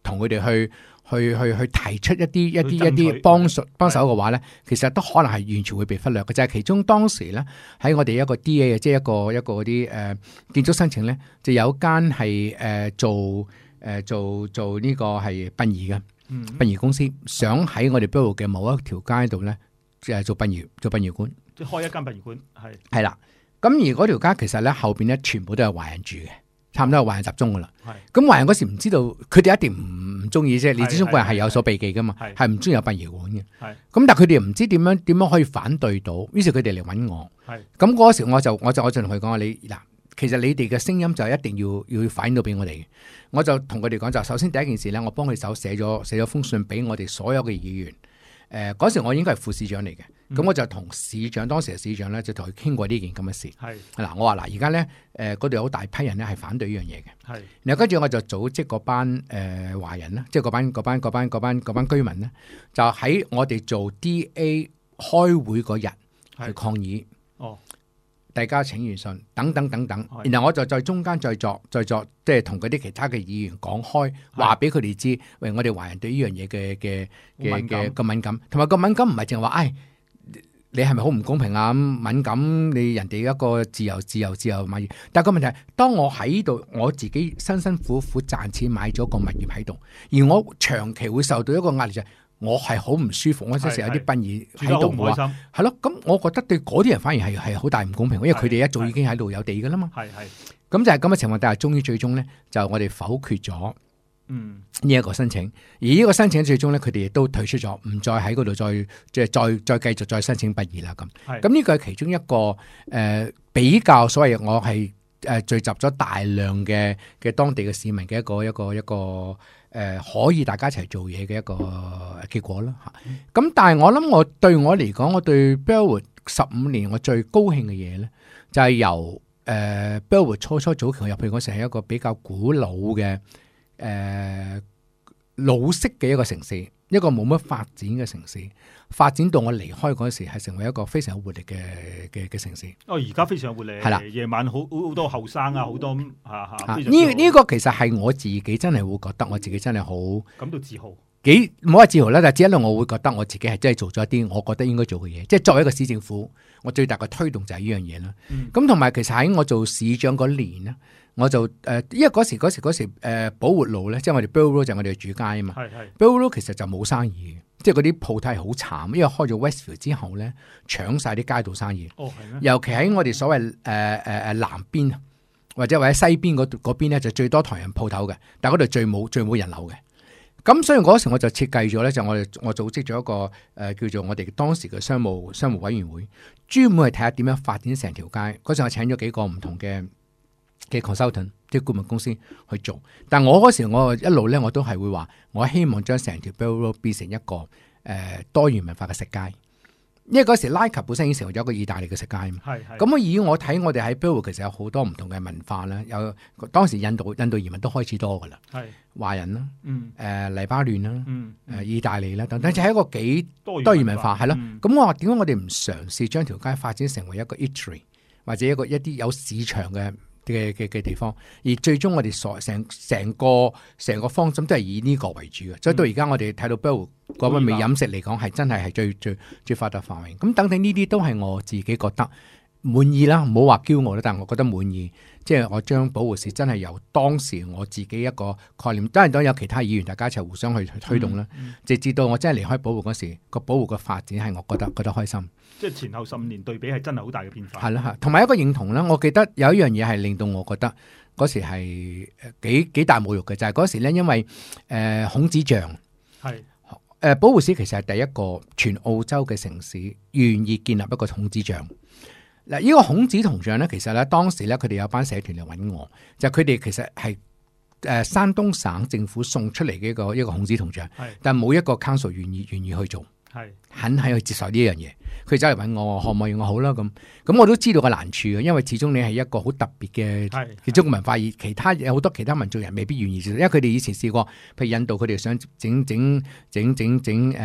同佢哋去。去去去提出一啲一啲一啲幫手幫手嘅話咧，其實都可能係完全會被忽略嘅。就係的其中當時咧，喺我哋一個 D.A. 嘅的，即係一個一個啲誒建築申請咧，就有一間係、呃、做誒做做呢個係殯儀嘅、嗯、殯儀公司，想喺我哋邊度嘅某一條街度咧，即係做殯儀做殯儀館，即係開一間殯儀館，係係啦。咁而嗰條街其實咧後邊咧全部都係華人住嘅。差唔多係華人集中噶啦，咁華是人嗰時唔知道，佢哋一定唔唔中意啫。你知中國人係有所避忌噶嘛，係唔中意有殯儀館嘅。咁是但係佢哋唔知點樣點樣可以反對到，於是佢哋嚟揾我。咁嗰是時我就我就我就同佢講啊，你嗱，其實你哋嘅聲音就一定要要反映到俾我哋。我就同佢哋講就是，首先第一件事呢，我幫佢手寫咗寫咗封信俾我哋所有嘅議員。誒、呃，嗰時我應該係副市長嚟嘅。咁、嗯、我就同市長，當時嘅市長咧，就同佢傾過呢件咁嘅事。係嗱是，我話嗱，而家咧，誒嗰度有大批人咧係反對呢樣嘢嘅。係是，然後跟住我就組織嗰班誒華人啦，即係嗰班嗰班嗰班嗰班嗰班居民咧，就喺我哋做 DA 開會嗰日去抗議。哦是，大家請願信等等等等。等等是然後我就再中間再作再作，即係同嗰啲其他嘅議員講開，話俾佢哋知，喂，我哋華人對呢樣嘢嘅嘅嘅嘅個敏感，同埋個敏感唔係淨係話，哎。你係咪好唔公平啊？敏感，你人哋一個自由、自由、自由買嘢，但係個問題係，當我喺度，我自己辛辛苦苦賺錢買咗個物業喺度，而我長期會受到一個壓力就係、是，我係好唔舒服，我，服是是我有時有啲殯儀喺度嘅話，係咯是，咁我覺得對嗰啲人反而係係好大唔公平，因為佢哋一早已經喺度有地噶啦嘛。係係，咁就係咁嘅情況，但係終於最終咧，就我哋否決咗。嗯，呢一個申請，而呢個申請最終咧，佢哋亦都退出咗，唔再喺嗰度再即係再再，再繼續再申請畢業啦。咁，咁呢是的 個係其中一個誒、呃、比較所謂我係誒、呃、聚集咗大量嘅嘅當地嘅市民嘅一個一個一個誒、呃、可以大家一齊做嘢嘅一個結果啦。咁、嗯嗯、但係我諗我對我嚟講，我對 Burwood 十五年我最高興嘅嘢咧，就係、是、由誒 Burwood、呃、初初期早期入去，我嗰時係一個比較古老嘅。誒、呃，老式嘅一個城市，一個冇乜發展嘅城市，發展到我離開嗰時，係成為一個非常有活力嘅嘅嘅城市。哦，而家非常活力係啦，的夜晚好好好多後生啊，好多啊啊！呢、啊、呢、啊，這個這個其實係我自己真係會覺得，我自己真係好感、嗯、到自豪。幾冇話自豪啦，但係只一路我會覺得我自己係真係做咗一啲我覺得應該做嘅嘢，即係作為一個市政府，我最大嘅推動就係呢樣嘢啦。咁同埋其實喺我做市長嗰年咧，我就誒、呃，因為嗰時嗰時嗰時誒、呃、寶活路咧，即係我哋寶活路就我哋主街啊嘛，係，係寶活路其實就冇生意，即係嗰啲鋪頭係好慘，因為開咗 Westfield 之後咧，搶晒啲街道生意。哦，係啊，尤其喺我哋所謂誒誒誒南邊或者或者西邊嗰嗰邊咧，就最多台人鋪頭嘅，但係嗰度最冇最冇人流嘅。咁所以嗰時我就設計咗咧，就我哋我組織咗一個誒、呃、叫做我哋當時嘅商務商務委員會，專門係睇下點樣發展成條街。嗰陣我請咗幾個唔同嘅嘅 consultant，即係顧問公司去做。但係我嗰時我一路咧我都係會話，我希望將成條 belorow 變成一個誒、呃、多元文化嘅食街。因為嗰時拉克本身已經成為咗一個意大利嘅食街啊嘛，咁是是 以我睇我哋喺 Burwood 其實有好多唔同嘅文化啦。有當時印度印度移民都開始多噶啦，是華人啦，誒、嗯呃、黎巴嫩啦，誒、嗯嗯、意大利啦等等，就係一個幾多元文化係咯。咁、嗯、我話點解我哋唔嘗試將條街發展成為一個 eatery 或者一個一啲有市場嘅？嘅嘅嘅地方，而最終我哋所成成個成個方針都係以呢個為主嘅，所以、嗯、到而家我哋睇到，比如講未、嗯、美食嚟講，係真係係最最最發達範圍。咁、嗯、等等呢啲都係我自己覺得滿意啦，唔好話驕傲啦，但係我覺得滿意。即係我將寶活市真係由當時我自己一個概念，當然當有其他議員大家一齊互相去推動啦。嗯嗯、直至到我真係離開寶活嗰時，個寶活嘅發展係我覺得覺得開心。即係前後十五年對比係真係好大嘅變化。係啦，同埋一個認同啦，我記得有一樣嘢係令到我覺得嗰時係幾大侮辱嘅，就係、是、嗰時咧，因為誒、呃、孔子像係誒的、呃、寶活市其實係第一個全澳洲嘅城市願意建立一個孔子像。嗱，呢個孔子銅像咧，其實咧當時咧，佢哋有班社團嚟揾我，就佢、是、哋其實係誒、呃、山東省政府送出嚟嘅一個一個孔子銅像，是但冇一個 council 願意願意去做。係肯喺去接受呢樣嘢，佢走嚟問我，可唔可以用我好啦？咁咁我都知道個難處嘅，因為始終你係一個好特別嘅，佢中國文化而，其他好多其他民族人未必願意接受，因為佢哋以前試過，譬如印度，佢哋想整整整整整誒誒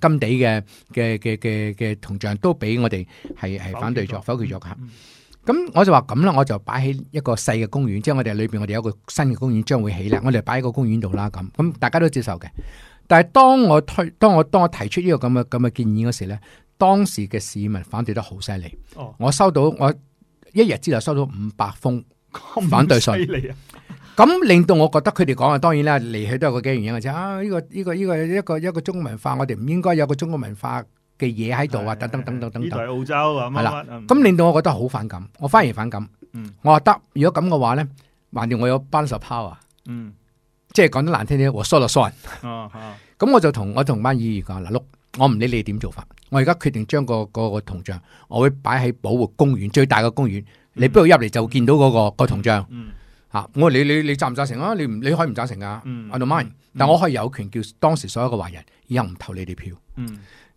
金地嘅嘅嘅嘅嘅銅像，都俾我哋係係反對咗，否決咗吓。咁 liber 我就話咁啦，我就擺喺一個細嘅公園，即係我哋裏邊，我哋有一個新嘅公園將會起啦，我哋擺喺個公園度啦。咁咁大家都接受嘅。但係當我推當我當我提出呢、這個咁嘅咁嘅建議嗰時咧，當時嘅市民反對得好犀利。哦、我收到我一日之內收到五百封反對信，咁、啊、令到我覺得佢哋講嘅當然啦，嚟去都有個幾嘅原因，就係、是、啊呢、這個呢、這個呢、這個、這個、一個一個中國文化，嗯、我哋唔應該有個中國文化嘅嘢喺度啊，的等等等等等等。澳洲啊，係啦，咁令到我覺得好反感，我反而反感。嗯、我話得，如果咁嘅話咧，橫掂我有班十 power。嗯。嗯即係講得難聽啲，我衰落衰。哦，咁我就同我同班議員講嗱，陸，我唔理你點做法，我而家決定將個個銅像，我會擺喺寶活公園最大嘅公園，你不如入嚟就見到嗰個個銅像。吓，我話你你你贊唔贊成啊？你唔你可以唔贊成？I don't mind，但我可以有權叫當時所有嘅華人，以後唔投你哋票。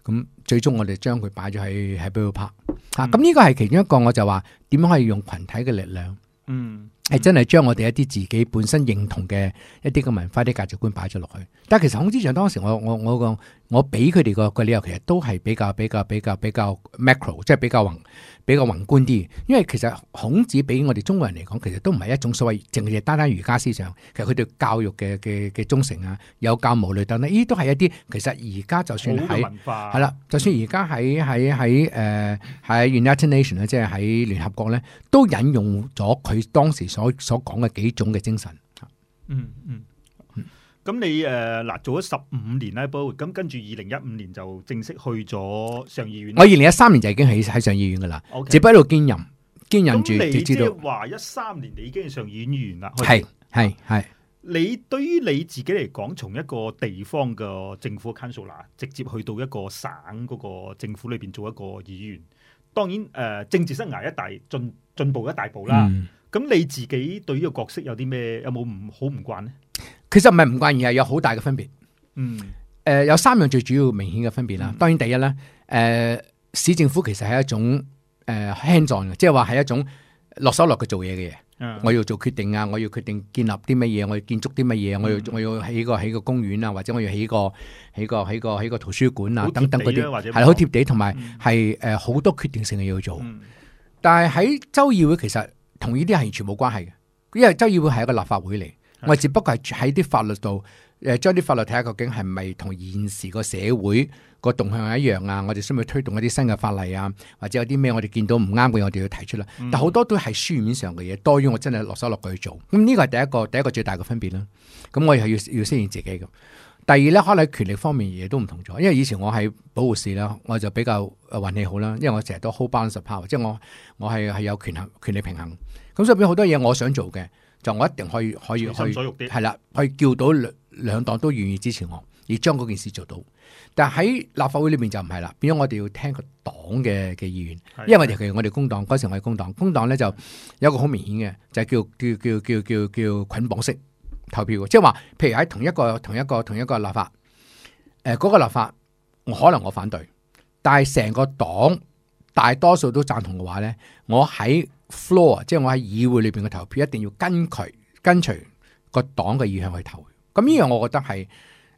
咁最終我哋將佢擺咗喺喺嗰度拍。吓，咁呢個係其中一個，我就話點樣可以用群體嘅力量。嗯。係真係將我哋一啲自己本身認同嘅一啲嘅文化，啲價值觀擺咗落去。但係其實孔子像當時我，我我我講，我俾佢哋個個理由，其實都係比較比較比較比較 macro，即係比較宏。比較宏觀啲，因為其實孔子俾我哋中國人嚟講，其實都唔係一種所謂淨係單單儒家思想。其實佢對教育嘅嘅嘅忠誠啊，有教無類等等，呢都係一啲。其實而家就算係，係啦、啊，就算而家喺喺喺誒喺 United Nations 即係喺聯合國咧，都引用咗佢當時所所講嘅幾種嘅精神。嗯嗯。嗯咁你誒嗱，呃，做咗十五年咧，咁跟住二零一五年就正式去咗上議院。我二零一三年就已經喺喺上議院噶啦，Okay. 只不喺度兼任兼任住你，知道。話一三年你已經上議院啦，係係係。嗯，你對於你自己嚟講，從一個地方嘅政府 councillor 直接去到一個省嗰個政府裏邊做一個議員，當然誒，呃，政治生涯一大進進步一大步啦。咁，嗯，你自己對呢個角色有啲咩？有冇唔好唔慣咧？其實唔係唔關，而係有好大嘅分別。嗯，誒、呃，有三樣最主要明顯嘅分別啦。嗯、當然，第一咧，誒、呃，市政府其實係一種誒輕狀嘅，即係話係一種落手落腳做嘢嘅嘢。嗯、我要做決定啊，我要決定建立啲乜嘢，我要建築啲乜嘢，我要我要起個起個公園啊，或者我要起個起個起個起個圖書館啊，啊，等等嗰啲，係好貼地，同埋係誒好多決定性嘅要做。嗯、但係喺州議會，其實同呢啲係完全冇關係嘅，因為州議會係一個立法會嚟。我只不過係喺啲法律度，誒，將啲法律睇下究竟係咪同現時個社會個動向係一樣啊？我哋需唔需要推動一啲新嘅法例啊？或者有啲咩我哋見到唔啱嘅，我哋要提出啦。但好多都係書面上嘅嘢，多於我真係落手落腳去做。咁呢個係第一個，第一個最大嘅分別啦。咁、嗯嗯、我係要要適應自己嘅。第二咧，可能喺權力方面嘢都唔同咗，因為以前我係保護士啦，我就比較運氣好啦，因為我成日都 hold balance power，即係我我係係有權衡權力平衡。咁所以變好多嘢，我想做嘅。就我一定可以可以去係啦，去叫到兩兩黨都願意支持我，而將嗰件事做到。但係喺立法會裏邊就唔係啦，變咗我哋要聽個黨嘅嘅議員，的因為我哋其實我哋工黨，陣時我哋工黨，工黨咧就有一個好明顯嘅，就係、是、叫叫叫叫叫叫，叫捆綁式投票，即係話，譬如喺同一個同一個同一個立法，誒、呃、嗰、那個立法，可能我反對，但係成個黨大多數都贊同嘅話咧，我喺。Floor, 即係我喺議會裏邊嘅投票一定要跟隨跟隨個黨嘅意向去投。咁呢樣我覺得係誒、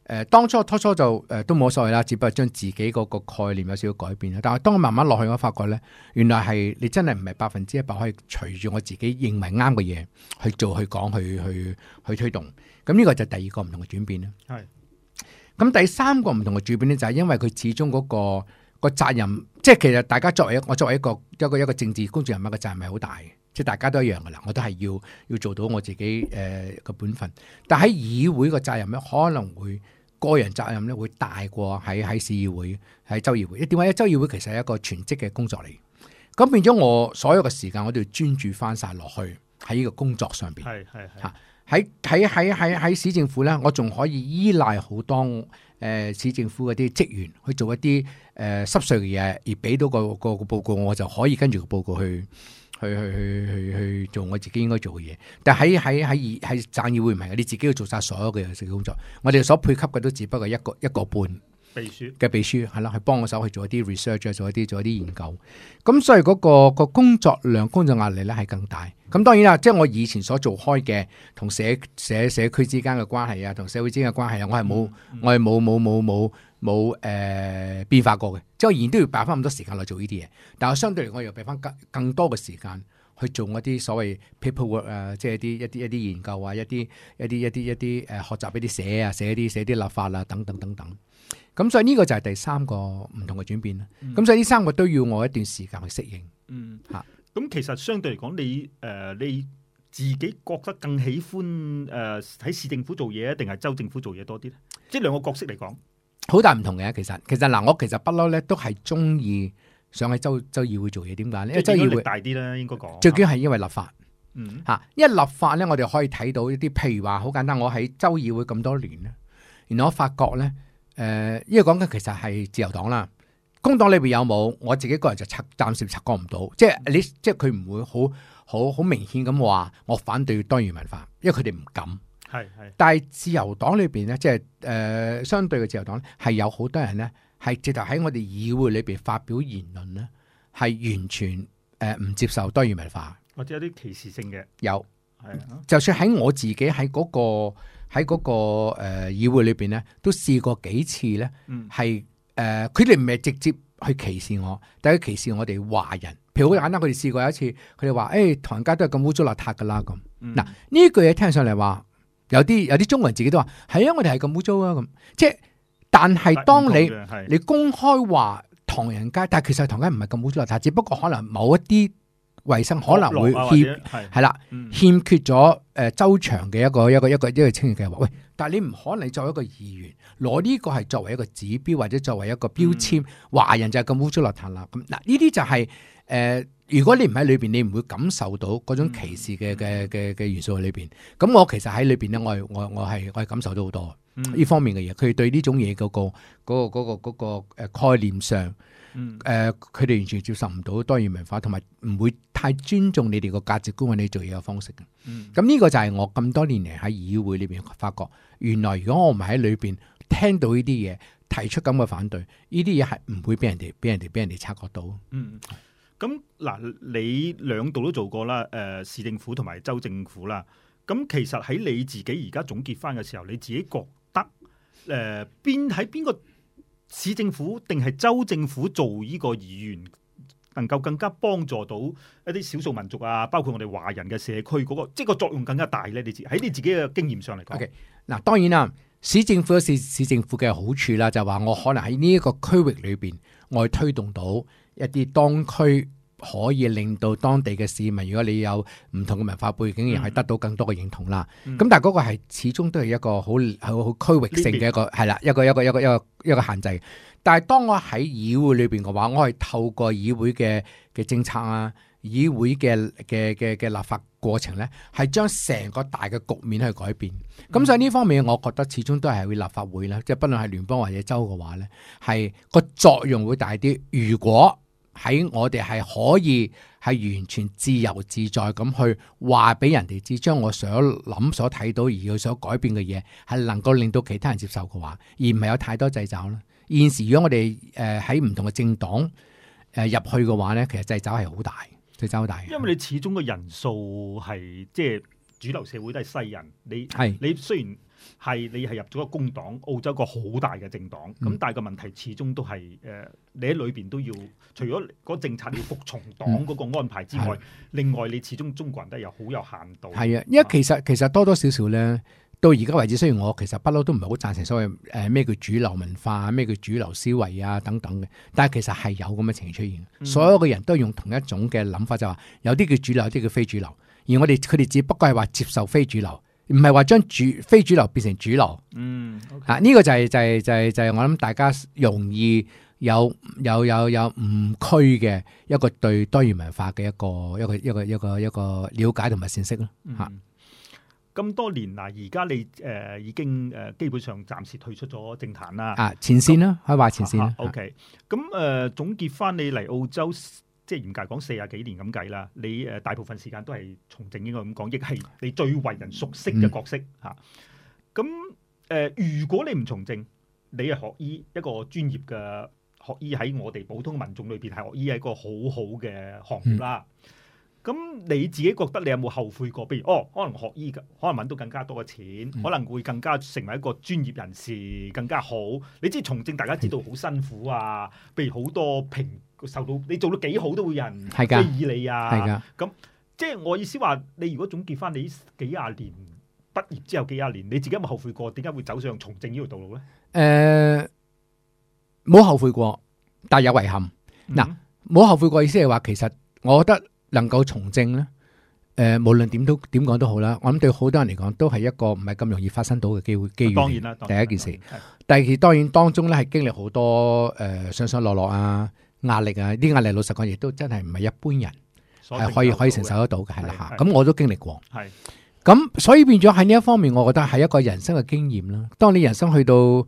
呃、當初初初就、呃、都冇所謂啦，只不過將自己嗰個概念有少少改變啦。但係當我慢慢落去，我發覺呢，原來係你真係唔係百分之一百可以隨住我自己認為啱嘅嘢去做去講去去去推動。咁呢個就第二個唔同嘅轉變啦。係是。咁第三個唔同嘅轉變呢，就係因為佢始終嗰、那個。個責任即係其實大家作為一我作為一個一個一個政治工作人物嘅責任係好大嘅，即係大家都一樣噶啦，我都係要要做到我自己誒、呃、個本分。但喺議會個責任咧，可能會個人責任咧會大過喺喺市議會喺州議會。點解咧？州議會其實係一個全職嘅工作嚟，咁變咗我所有嘅時間我都要專注翻晒落去喺呢個工作上邊。係係係，喺喺喺喺喺市政府咧，我仲可以依賴好多。誒、呃、市政府嗰啲職員去做一啲誒、呃、濕碎嘅嘢，而俾到個個個報告，我就可以跟住個報告去去去去去去做我自己應該做嘅嘢。但喺喺喺議喺省議會唔係，你自己要做晒所有嘅人事工作，我哋所配給嘅都只不過一個一個半。秘書嘅秘書係啦，去幫我手去做一啲 research 啊，做一啲做一啲研究。咁所以嗰、嗰個個工作量、工作壓力咧係更大。咁當然啦，即係我以前所做開嘅同社社社區之間嘅關係啊，同社會之間嘅關係啊，我係冇、嗯、我係冇冇冇冇冇誒變化過嘅。即係仍然都要擺翻咁多時間來做呢啲嘢。但係相對嚟，我又俾翻更更多嘅時間去做一啲所謂 paperwork 啊，即係一啲一啲一啲研究啊，一啲一啲一啲一啲誒學習一啲寫啊，寫一啲寫啲立法啊，等等等等。咁所以呢個就係第三個唔同嘅轉變啦。咁、嗯、所以呢三個都要我一段時間去適應。嗯，吓，咁其實相對嚟講，你誒、呃、你自己覺得更喜歡誒喺、呃、市政府做嘢，定係州政府做嘢多啲咧？即係兩個角色嚟講，好大唔同嘅。其實，其實嗱、呃，我其實不嬲咧，都係中意上喺州州議會做嘢。點解咧？因為州議會大啲啦，應該講。最緊係因為立法，嗯，吓，因為立法咧，我哋可以睇到一啲，譬如話好簡單，我喺州議會咁多年咧，然後我發覺咧。誒，因為講緊其實係自由黨啦，工黨裏邊有冇？我自己個人就察，暫時察覺唔到，即係你，即係佢唔會好好好明顯咁話我反對多元文化，因為佢哋唔敢。係係。但係自由黨裏邊呢，即係誒、呃，相對嘅自由黨咧，係有好多人呢，係直頭喺我哋議會裏邊發表言論呢係完全誒唔、呃、接受多元文化，或者有啲歧視性嘅。有係的就算喺我自己喺嗰、那個。喺嗰個誒議會裏邊咧，都試過幾次咧，係誒佢哋唔係直接去歧視我，但係佢歧視我哋華人。譬如好簡單，佢哋試過有一次，佢哋、哎嗯、話：誒唐人街都係咁污糟邋遢噶啦咁。嗱，呢句嘢聽上嚟，話有啲有啲中國人自己都話係啊，我哋係咁污糟啊咁。即係但係當你你公開話唐人街，但係其實唐人街唔係咁污糟邋遢，只不過可能某一啲。衛生可能會欠係啦，欠缺咗誒、呃、周長嘅一個一個一個一個，一個清潔計劃。喂，但係你唔可能作為一個議員，攞呢個係作為一個指標或者作為一個標籤，嗯、華人就係咁污糟邋遢啦。咁嗱，呢啲就係、是、誒、呃，如果你唔喺裏邊，你唔會感受到嗰種歧視嘅嘅嘅嘅元素喺裏邊。咁我其實喺裏邊咧，我係我我係我係感受到好多呢方面嘅嘢。佢哋對呢種嘢嗰、那個、那個、那個、那個誒、那個那個那個、概念上。嗯，佢哋、呃、完全接受唔到多元文化，同埋唔會太尊重你哋個價值觀或者做嘢嘅方式嘅。咁呢、嗯、個就係我咁多年嚟喺議會裏邊發覺，原來如果我唔喺裏邊聽到呢啲嘢，提出咁嘅反對，呢啲嘢係唔會俾人哋，俾人哋，俾人哋察覺到嗯。嗯，咁嗱，你兩度都做過啦，誒、呃，市政府同埋州政府啦。咁其實喺你自己而家總結翻嘅時候，你自己覺得誒邊喺邊個？呃市政府定係州政府做呢個議員，能夠更加幫助到一啲少數民族啊，包括我哋華人嘅社區嗰個，即係個作用更加大咧。你自喺你自己嘅經驗上嚟講，嗱，okay. 當然啦，市政府有市市政府嘅好處啦，就話我可能喺呢一個區域裏邊，我會推動到一啲當區。可以令到當地嘅市民，如果你有唔同嘅文化背景，又係、嗯、得到更多嘅認同啦。咁、嗯、但係嗰個係始終都係一個好好好區域性嘅一個係啦，一個一個一個一個一個限制。但係當我喺議會裏邊嘅話，我係透過議會嘅嘅政策啊，議會嘅嘅嘅嘅立法過程呢，係將成個大嘅局面去改變。咁、嗯、所以呢方面，我覺得始終都係會立法會咧，即係、嗯、不論係聯邦或者州嘅話呢，係個作用會大啲。如果喺我哋係可以係完全自由自在咁去話俾人哋知，將我想諗、所睇到而要所改變嘅嘢，係能夠令到其他人接受嘅話，而唔係有太多掣肘。咧。現時如果我哋誒喺唔同嘅政黨誒入去嘅話咧，其實掣肘係好大，掣肘好大。因為你始終嘅人數係即係主流社會都係西人，你係是你雖然。係你係入咗個工黨，澳洲個好大嘅政黨，咁但係個問題始終都係誒，你喺裏邊都要除咗嗰政策要服從黨嗰個安排之外，嗯、另外你始終中國人都係有好有限度。係啊，因為其實其實多多少少咧，到而家為止，雖然我其實不嬲都唔係好贊成所謂誒咩叫主流文化，咩叫主流思維啊等等嘅，但係其實係有咁嘅情形出現，嗯、所有嘅人都用同一種嘅諗法，就話、是、有啲叫主流，有啲叫非主流，而我哋佢哋只不過係話接受非主流，唔係話將主非主流變成主流，嗯，okay. 啊呢、這個就係、是、就係、是、就係、是、就係、是、我諗大家容易有有有有誤區嘅一個對多元文化嘅一個一個一個一個一個了解同埋信息。咯、啊，吓、嗯。咁多年嗱，而家你誒、呃、已經誒、呃、基本上暫時退出咗政壇啦，啊前線啦，可以話、啊、前線啦、啊、，OK、啊。咁誒總結翻你嚟澳洲。即係嚴格講四十幾年咁計啦，你誒大部分時間都係從政應該咁講，亦係你最為人熟悉嘅角色嚇。咁誒、嗯啊，如果你唔從政，你係學醫一個專業嘅學醫，喺我哋普通民眾裏邊係學醫係一個好好嘅行業啦。咁、嗯、你自己覺得你有冇後悔過？譬如哦，可能學醫可能揾到更加多嘅錢，嗯、可能會更加成為一個專業人士更加好。你知從政大家知道好辛苦啊，譬、嗯、如好多平。受到你做到幾好都會有人非議你啊，咁即係我意思話，你如果總結翻你幾廿年畢業之後幾廿年，你自己有冇後悔過？點解會走上從政呢條道路咧？誒，冇後悔過，但係有遺憾。嗱，冇後悔過意思係話，其實我覺得能夠從政咧，誒，無論點都點講都好啦，我諗對好多人嚟講都係一個唔係咁容易發生到嘅機會機遇。當然啦，第一件事，第二當然當中咧係經歷好多誒，上上落落啊。壓力啊，啲壓力老實講亦都真係唔係一般人係可以所可以承受得到嘅，係啦，咁我都經歷過，咁的所以變咗喺呢一方面，我覺得係一個人生嘅經驗啦。當你人生去到五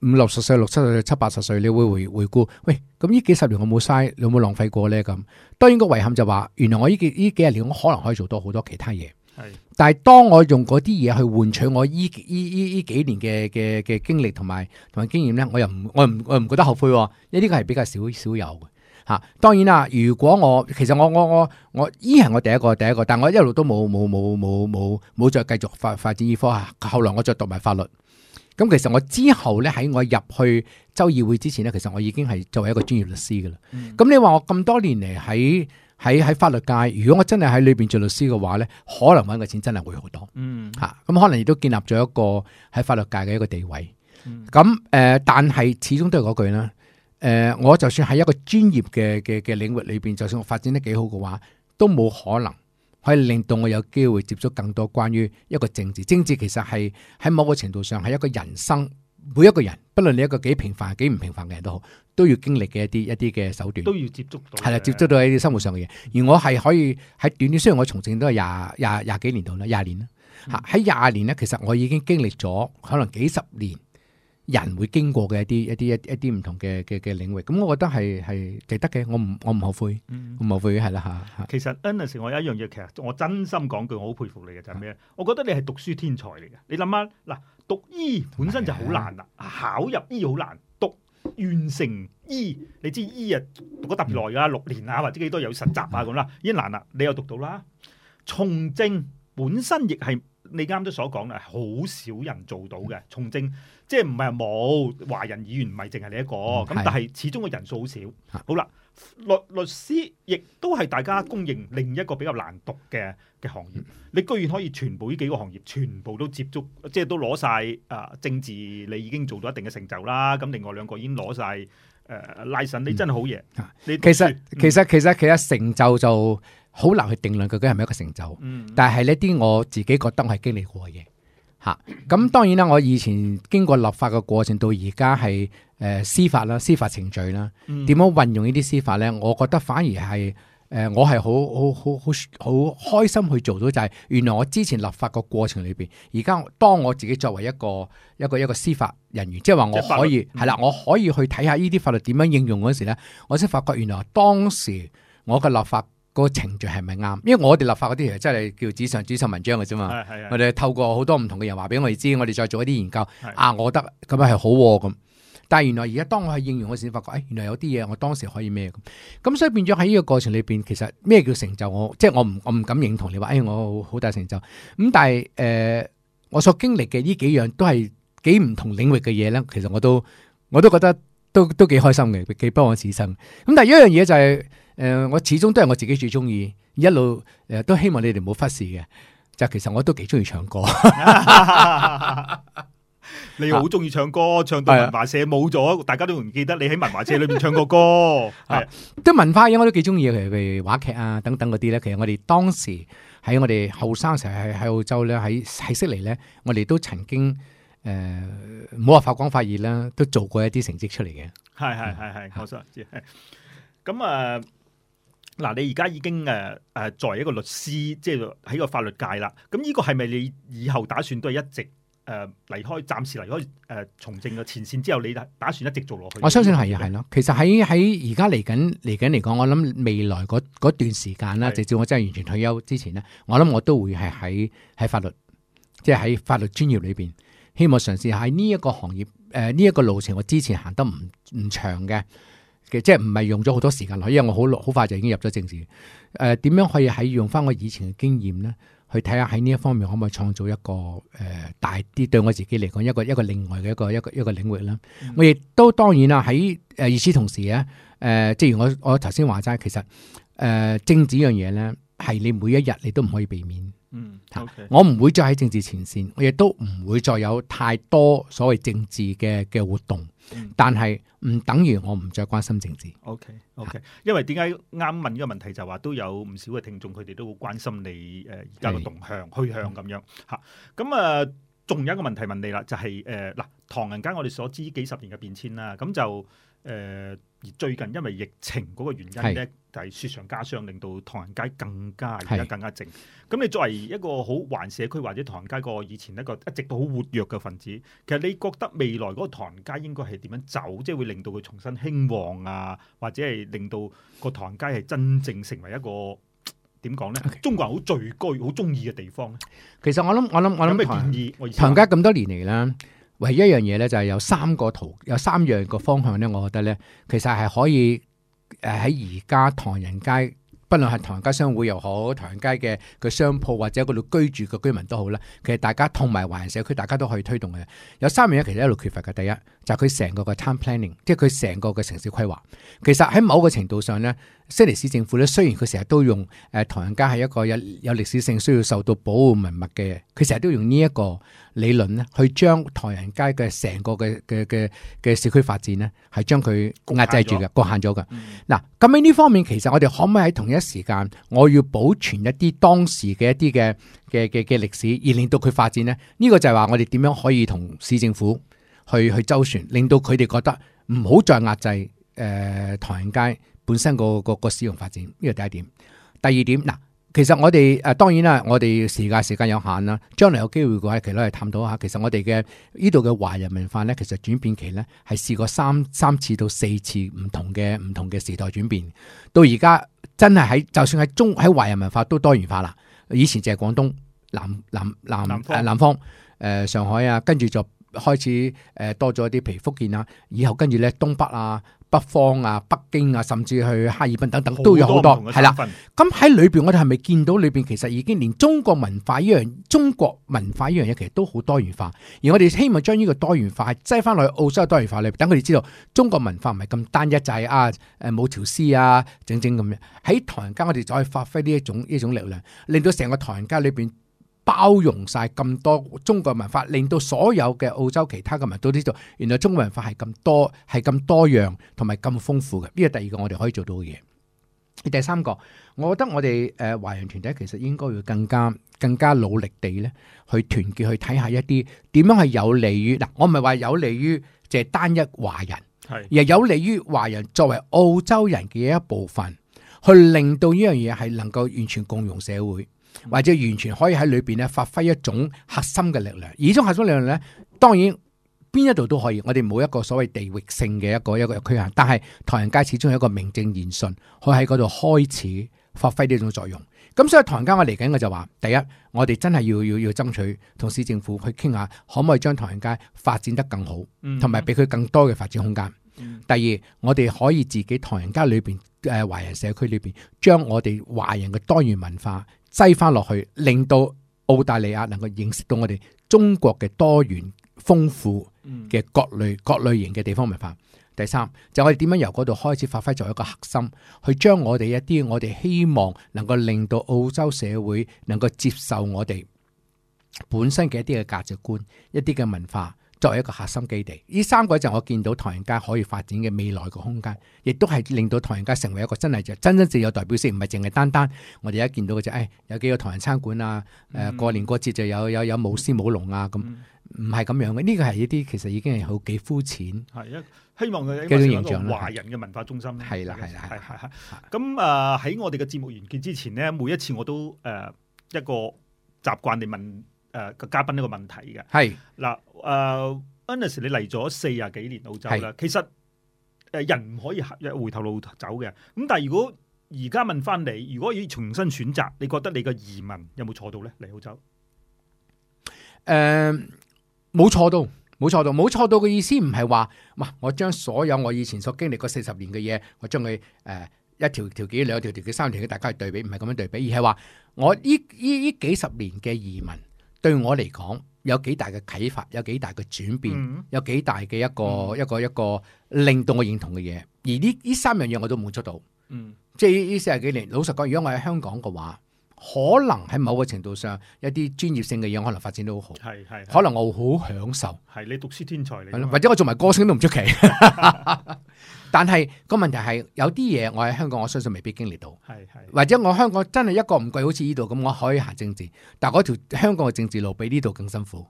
六十歲、六七十歲、七八十歲，你會回回顧，「喂，咁呢幾十年我冇嘥，你有冇浪費過呢？」咁當然個遺憾就話，原來我呢幾呢幾十年我可能可以做到好多其他嘢。係，但係當我用嗰啲嘢去換取我依依依幾年嘅嘅嘅經歷同埋同埋經驗咧，我又唔我又唔我又唔覺得後悔，呢啲個係比較少少有嘅吓、啊。當然啦，如果我其實我我我我依係我第一個第一個，但我一路都冇冇冇冇冇冇再繼續發發展醫科啊。後來我再讀埋法律，咁其實我之後呢，喺我入去州議會之前呢，其實我已經係作為一個專業律師噶啦。咁、嗯、你話我咁多年嚟喺。喺喺法律界，如果我真係喺裏邊做律師嘅話呢，可能揾嘅錢真係會好多。嗯、啊，吓咁可能亦都建立咗一個喺法律界嘅一個地位。咁誒、嗯，但、呃、係始終都係嗰句啦、呃。我就算喺一個專業嘅嘅嘅領域裏邊，就算我發展得幾好嘅話，都冇可能可以令到我有機會接觸更多關於一個政治。政治其實係喺某個程度上係一個人生，每一個人，不論你一個幾平凡、幾唔平凡嘅人都好。都要經歷嘅一啲一啲嘅手段，都要接觸到，係啦，接觸到一啲生活上嘅嘢。而我係可以喺短短，雖然我從政都係廿廿廿幾年度啦，廿年啦，嚇喺廿年呢，其實我已經經歷咗可能幾十年人會經過嘅一啲一啲一啲唔同嘅嘅嘅領域。咁我覺得係係值得嘅，我唔我唔後悔，唔後悔係啦嚇。其實 Ernest，我有一樣嘢，其實我真心講句，我好佩服你嘅就係、是、咩？啊、我覺得你係讀書天才嚟嘅。你諗下嗱，讀醫本身就好難啦，是呀 考入醫好難。完成醫，你知醫啊讀得特別耐㗎啦，嗯、六年啊或者幾多有實習、嗯、啊咁啦，已經難啦，你又讀到啦。從政本身亦係你啱啱都所講啦，好少人做到嘅從政，即係唔係冇華人議員，唔係淨係你一個，咁、嗯、但係始終個人數好少。好啦。律律師亦都係大家公認另一個比較難讀嘅嘅行業，嗯、你居然可以全部呢幾個行業全部都接觸，即係都攞晒啊！政治你已經做到一定嘅成就啦，咁另外兩個已經攞晒誒拉神，你真係好嘢吓！你其實其實其實其實成就就好難去定論究竟係咪一個成就，嗯、但係呢啲我自己覺得係經歷過嘅嘢吓。咁、啊、當然啦，我以前經過立法嘅過程到而家係。誒、呃，司法啦，司法程序啦，點樣運用呢啲司法咧？我覺得反而係誒、呃，我係好好好好好開心去做到，就係原來我之前立法個過程裏邊，而家當我自己作為一個一個一個，一個司法人員，即係話我可以係法、嗯、啦，我可以去睇下呢啲法律點樣應用嗰時咧，我先發覺原來當時我嘅立法個程序係咪啱？因為我哋立法嗰啲嘢真係叫紙上紙上文章嘅啫嘛，我哋透過好多唔同嘅人話俾我哋知，我哋再做一啲研究，的的啊，我覺得咁樣係好咁。但係原來而家當我係應用嗰時，我發覺誒、哎，原來有啲嘢我當時可以咩咁，咁所以變咗喺呢個過程裏邊，其實咩叫成就？我即係我唔我唔敢認同你話誒、哎，我好大成就。咁但係誒、呃，我所經歷嘅呢幾樣都係幾唔同領域嘅嘢咧。其實我都我都覺得都都幾開心嘅，幾不枉此生。咁但係一樣嘢就係、是、誒、呃，我始終都係我自己最中意，一路誒、呃、都希望你哋唔好忽視嘅，就其實我都幾中意唱歌。 你好中意唱歌，啊、唱到文華社冇咗，啊、大家都唔記得你喺文華社裏邊唱過歌。係、啊啊、都文化嘢，我都幾中意，譬如話劇啊等等嗰啲咧。其實我哋當時喺我哋後生時喺喺澳洲咧，喺喺悉尼咧，我哋都曾經誒，冇、呃、話發光發熱啦，都做過一啲成績出嚟嘅。係係係係，我所知。咁、嗯嗯、啊，嗱，你而家已經誒誒、啊，作為一個律師，即係喺個法律界啦。咁呢個係咪你以後打算都係一直？誒，離開暫時離開誒，從政嘅前線之後，你打打算一直做落去？我相信係係咯。其實喺喺而家嚟緊嚟緊嚟講，我諗未來嗰段時間啦，的直至我真係完全退休之前呢，我諗我都會係喺喺法律，即係喺法律專業裏邊，希望嘗試喺呢一個行業誒呢一個路程，我之前行得唔唔長嘅，其實即係唔係用咗好多時間落，因為我好好快就已經入咗政治。誒、呃，點樣可以喺用翻我以前嘅經驗呢？去睇下喺呢一方面可唔可以創造一個誒大啲對我自己嚟講一個一個，一個另外嘅一個一個一個領域啦。嗯、我亦都當然啦，喺誒，與、呃、此同時咧，誒、呃，即係我我頭先話齋，其實誒、呃，政治呢樣嘢咧係你每一日你都唔可以避免。嗯我唔會再喺政治前線，我亦都唔會再有太多所謂政治嘅嘅活動。但係唔等於我唔再關心政治。OK OK，因為點解啱問呢個問題就話都有唔少嘅聽眾，佢哋都會關心你誒而家嘅動向、去向咁樣嚇。咁啊，仲有一個問題問你啦，就係誒嗱，唐人街我哋所知幾十年嘅變遷啦。咁就誒。而最近因為疫情嗰個原因呢，是就係雪上加霜，令到唐人街更加而家更加靜。咁是你作為一個好環社區或者唐人街個以前一個一直都好活躍嘅分子，其實你覺得未來嗰個唐人街應該係點樣走？即係會令到佢重新興旺啊，或者係令到個唐人街係真正成為一個點講呢？中國人好聚居、好鍾意嘅地方咧。其實我諗，我諗，我諗唐，人唐人街咁多年嚟啦。唯一一樣嘢咧，就係有三個圖，有三樣個方向咧，我覺得咧，其實係可以誒喺而家唐人街，不論係唐人街商會又好，唐人街嘅個商鋪或者嗰度居住嘅居民都好啦，其實大家同埋華人社區，大家都可以推動嘅。有三樣嘢其實一路缺乏嘅，第一，就佢成個嘅 time planning，即係佢成個嘅城市規劃。其實喺某個程度上呢，悉尼市政府咧，雖然佢成日都用誒、呃、唐人街係一個有有歷史性需要受到保護文物嘅，佢成日都用呢一個理論呢，去將唐人街嘅成個嘅嘅嘅嘅社區發展呢，係將佢壓制住嘅，局限咗嘅。嗱咁喺呢方面，其實我哋可唔可以喺同一時間，我要保存一啲當時嘅一啲嘅嘅嘅嘅歷史，而令到佢發展呢？呢、呢個就係話我哋點樣可以同市政府，去去周旋，令到佢哋覺得唔好再壓制誒、呃、唐人街本身個個個市容發展，呢個第一點。第二點，嗱，其實我哋誒、呃、當然啦，我哋時間時間有限啦，將嚟有機會嘅話，其實攞嚟探討下，其實我哋嘅呢度嘅華人文化咧，其實轉變期咧，係試過三三次到四次唔同嘅唔同嘅時代轉變，到而家真係喺就算喺中喺華人文化都多元化啦。以前就係廣東南南南誒南，南方誒、呃、上海啊，跟住就。開始誒多咗一啲譬如福建啦，以後跟住咧東北啊、北方啊、北京啊，甚至去哈爾濱等等都有好多係啦。咁喺裏邊，我哋係咪見到裏邊其實已經連中國文化一樣中國文化呢樣嘢，其實都好多元化。而我哋希望將呢個多元化擠翻落去澳洲多元化裏面，等佢哋知道中國文化唔係咁單一就係啊，誒、啊、冇、啊、朝思啊，整整咁樣喺唐人街，我哋就可以發揮呢一種呢種力量，令到成個唐人街裏邊。包容晒咁多中國文化，令到所有嘅澳洲其他嘅民都知道原來中國文化係咁多，係咁多樣，同埋咁豐富嘅。呢個第二個我哋可以做到嘅嘢。第三個，我覺得我哋誒華人團體其實應該要更加更加努力地咧，去團結去睇下一啲點樣係有利於，嗱，我唔係話有利於就係單一華人係，的而係有利於華人作為澳洲人嘅一部分，去令到呢樣嘢係能夠完全共融社會。或者完全可以喺裏邊咧發揮一種核心嘅力量，而種核心力量呢，當然邊一度都可以，我哋冇一個所謂地域性嘅一個一個局限。但係唐人街始終有一個名正言順，佢喺嗰度開始發揮呢種作用。咁所以唐人街我嚟緊我就話，第一，我哋真係要要要爭取同市政府去傾下，可唔可以將唐人街發展得更好，同埋俾佢更多嘅發展空間。第二，我哋可以自己唐人街裏邊誒華人社區裏邊，將我哋華人嘅多元文化。擠翻落去，令到澳大利亞能夠認識到我哋中國嘅多元豐富嘅各類各類型嘅地方文化。第三就係，我哋點樣由嗰度開始發揮做一個核心，去將我哋一啲我哋希望能夠令到澳洲社會能夠接受我哋本身嘅一啲嘅價值觀、一啲嘅文化。作為一個核心基地，呢三個就我見到唐人街可以發展嘅未來嘅空間，亦都係令到唐人街成為一個真係就真真正正有代表性，唔係淨係單單我哋而家見到嘅就，誒、哎、有幾個唐人餐館啊，誒、呃、過年過節就有有有舞獅舞龍啊咁，唔係咁樣嘅，呢、這個係一啲其實已經係好幾膚淺。係啊，希望佢建立一個華人嘅文化中心。係啦、啊，係啦、啊，係係、啊。咁啊喺、啊啊 uh, 我哋嘅節目完結之前呢，每一次我都誒、uh, 一個習慣地問。誒，個嘉賓呢個問題嘅係，嗱，誒 Ernest 你嚟咗四十幾年澳洲啦，是其實誒人唔可以合一回頭路走嘅。咁但係如果而家問翻你，如果要重新選擇，你覺得你個移民有冇錯到咧嚟澳洲？誒冇錯到，冇錯到，冇錯到嘅意思唔係話哇，我將所有我以前所經歷過四十年嘅嘢，我將佢誒一條條件、兩條條件、三條條大家去對比，唔係咁樣對比，而係話我依依依幾十幾年嘅移民，對我嚟講，有幾大嘅啟發，有幾大嘅轉變，嗯、有幾大嘅一個、嗯、一個一個，一個令到我認同嘅嘢。而呢呢三樣嘢我都滿足到，嗯、即係呢四十幾年。老實講，如果我喺香港嘅話。可能喺某個程度上，一啲專業性嘅嘢可能發展得好。係是可能我好享受。係，你讀書天才嚟。或者我做埋歌星都唔出奇。 但係個問題係，有啲嘢我喺香港，我相信未必經歷到。是是是，或者我香港真係一個唔貴，好似呢度咁，我可以行政治。但係嗰條香港嘅政治路比呢度更辛苦。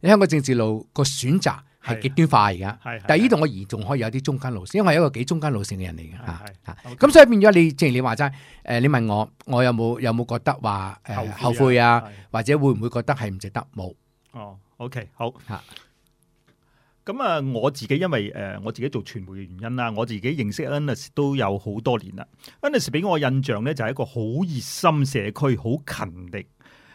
你香港政治路個選擇。係極端化而家，是是是是但係依度我而仲可以有啲中間路線，因為我係一個幾中間路線嘅人嚟嘅嚇嚇，咁所以變咗你正如你話齋，誒你問我，我有冇有冇覺得話誒、呃、後悔啊，或者會唔會覺得係唔值得冇？哦，OK，好嚇。咁啊是，我自己因為誒我自己做傳媒嘅原因啦，我自己認識 Ernest、er、都有好多年啦，Ernest 俾我印象咧就係一個好熱心社區，好勤力。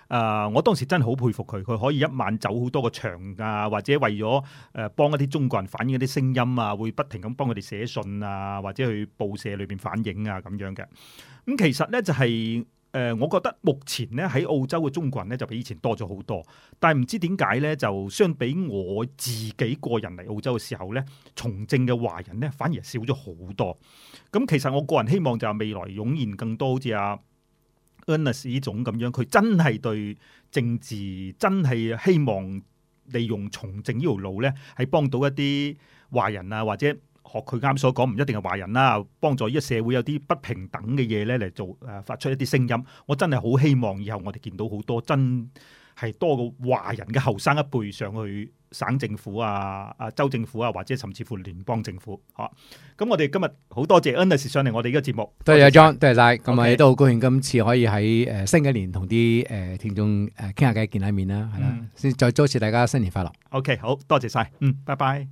誒、呃，我當時真係好佩服佢，佢可以一晚走好多個場㗎、啊，或者為咗誒、呃、幫一啲中國人反映一啲聲音啊，會不停咁幫佢哋寫信啊，或者去報社裏邊反映啊咁樣嘅。咁、嗯、其實呢，就係、是、誒、呃，我覺得目前呢，喺澳洲嘅中國人呢，就比以前多咗好多，但係唔知點解呢，就相比我自己個人嚟澳洲嘅時候呢，從政嘅華人呢，反而少咗好多。咁、嗯、其實我個人希望就係未來湧現更多好似啊。呢種咁樣，佢真係對政治真係希望利用從政呢條路呢，係幫到一啲華人啊，或者學佢啱所講，唔一定係華人啦，幫助呢個社會有啲不平等嘅嘢呢，嚟做，誒、啊、發出一啲聲音。我真係好希望以後我哋見到好多真係多個華人嘅後生一輩上去。省政府啊，啊州政府啊，或者甚至乎聯邦政府，吓咁、嗯嗯嗯嗯、我哋今日好多謝 Ernest 上嚟我哋呢個節目，多謝，謝，謝阿 John，多謝晒，咁啊都好高興今次可以喺誒新嘅年同啲誒聽眾誒傾下偈，見下面啦，係啦，先再祝一次大家新年快樂。OK，、嗯嗯、好多謝晒，嗯，拜拜。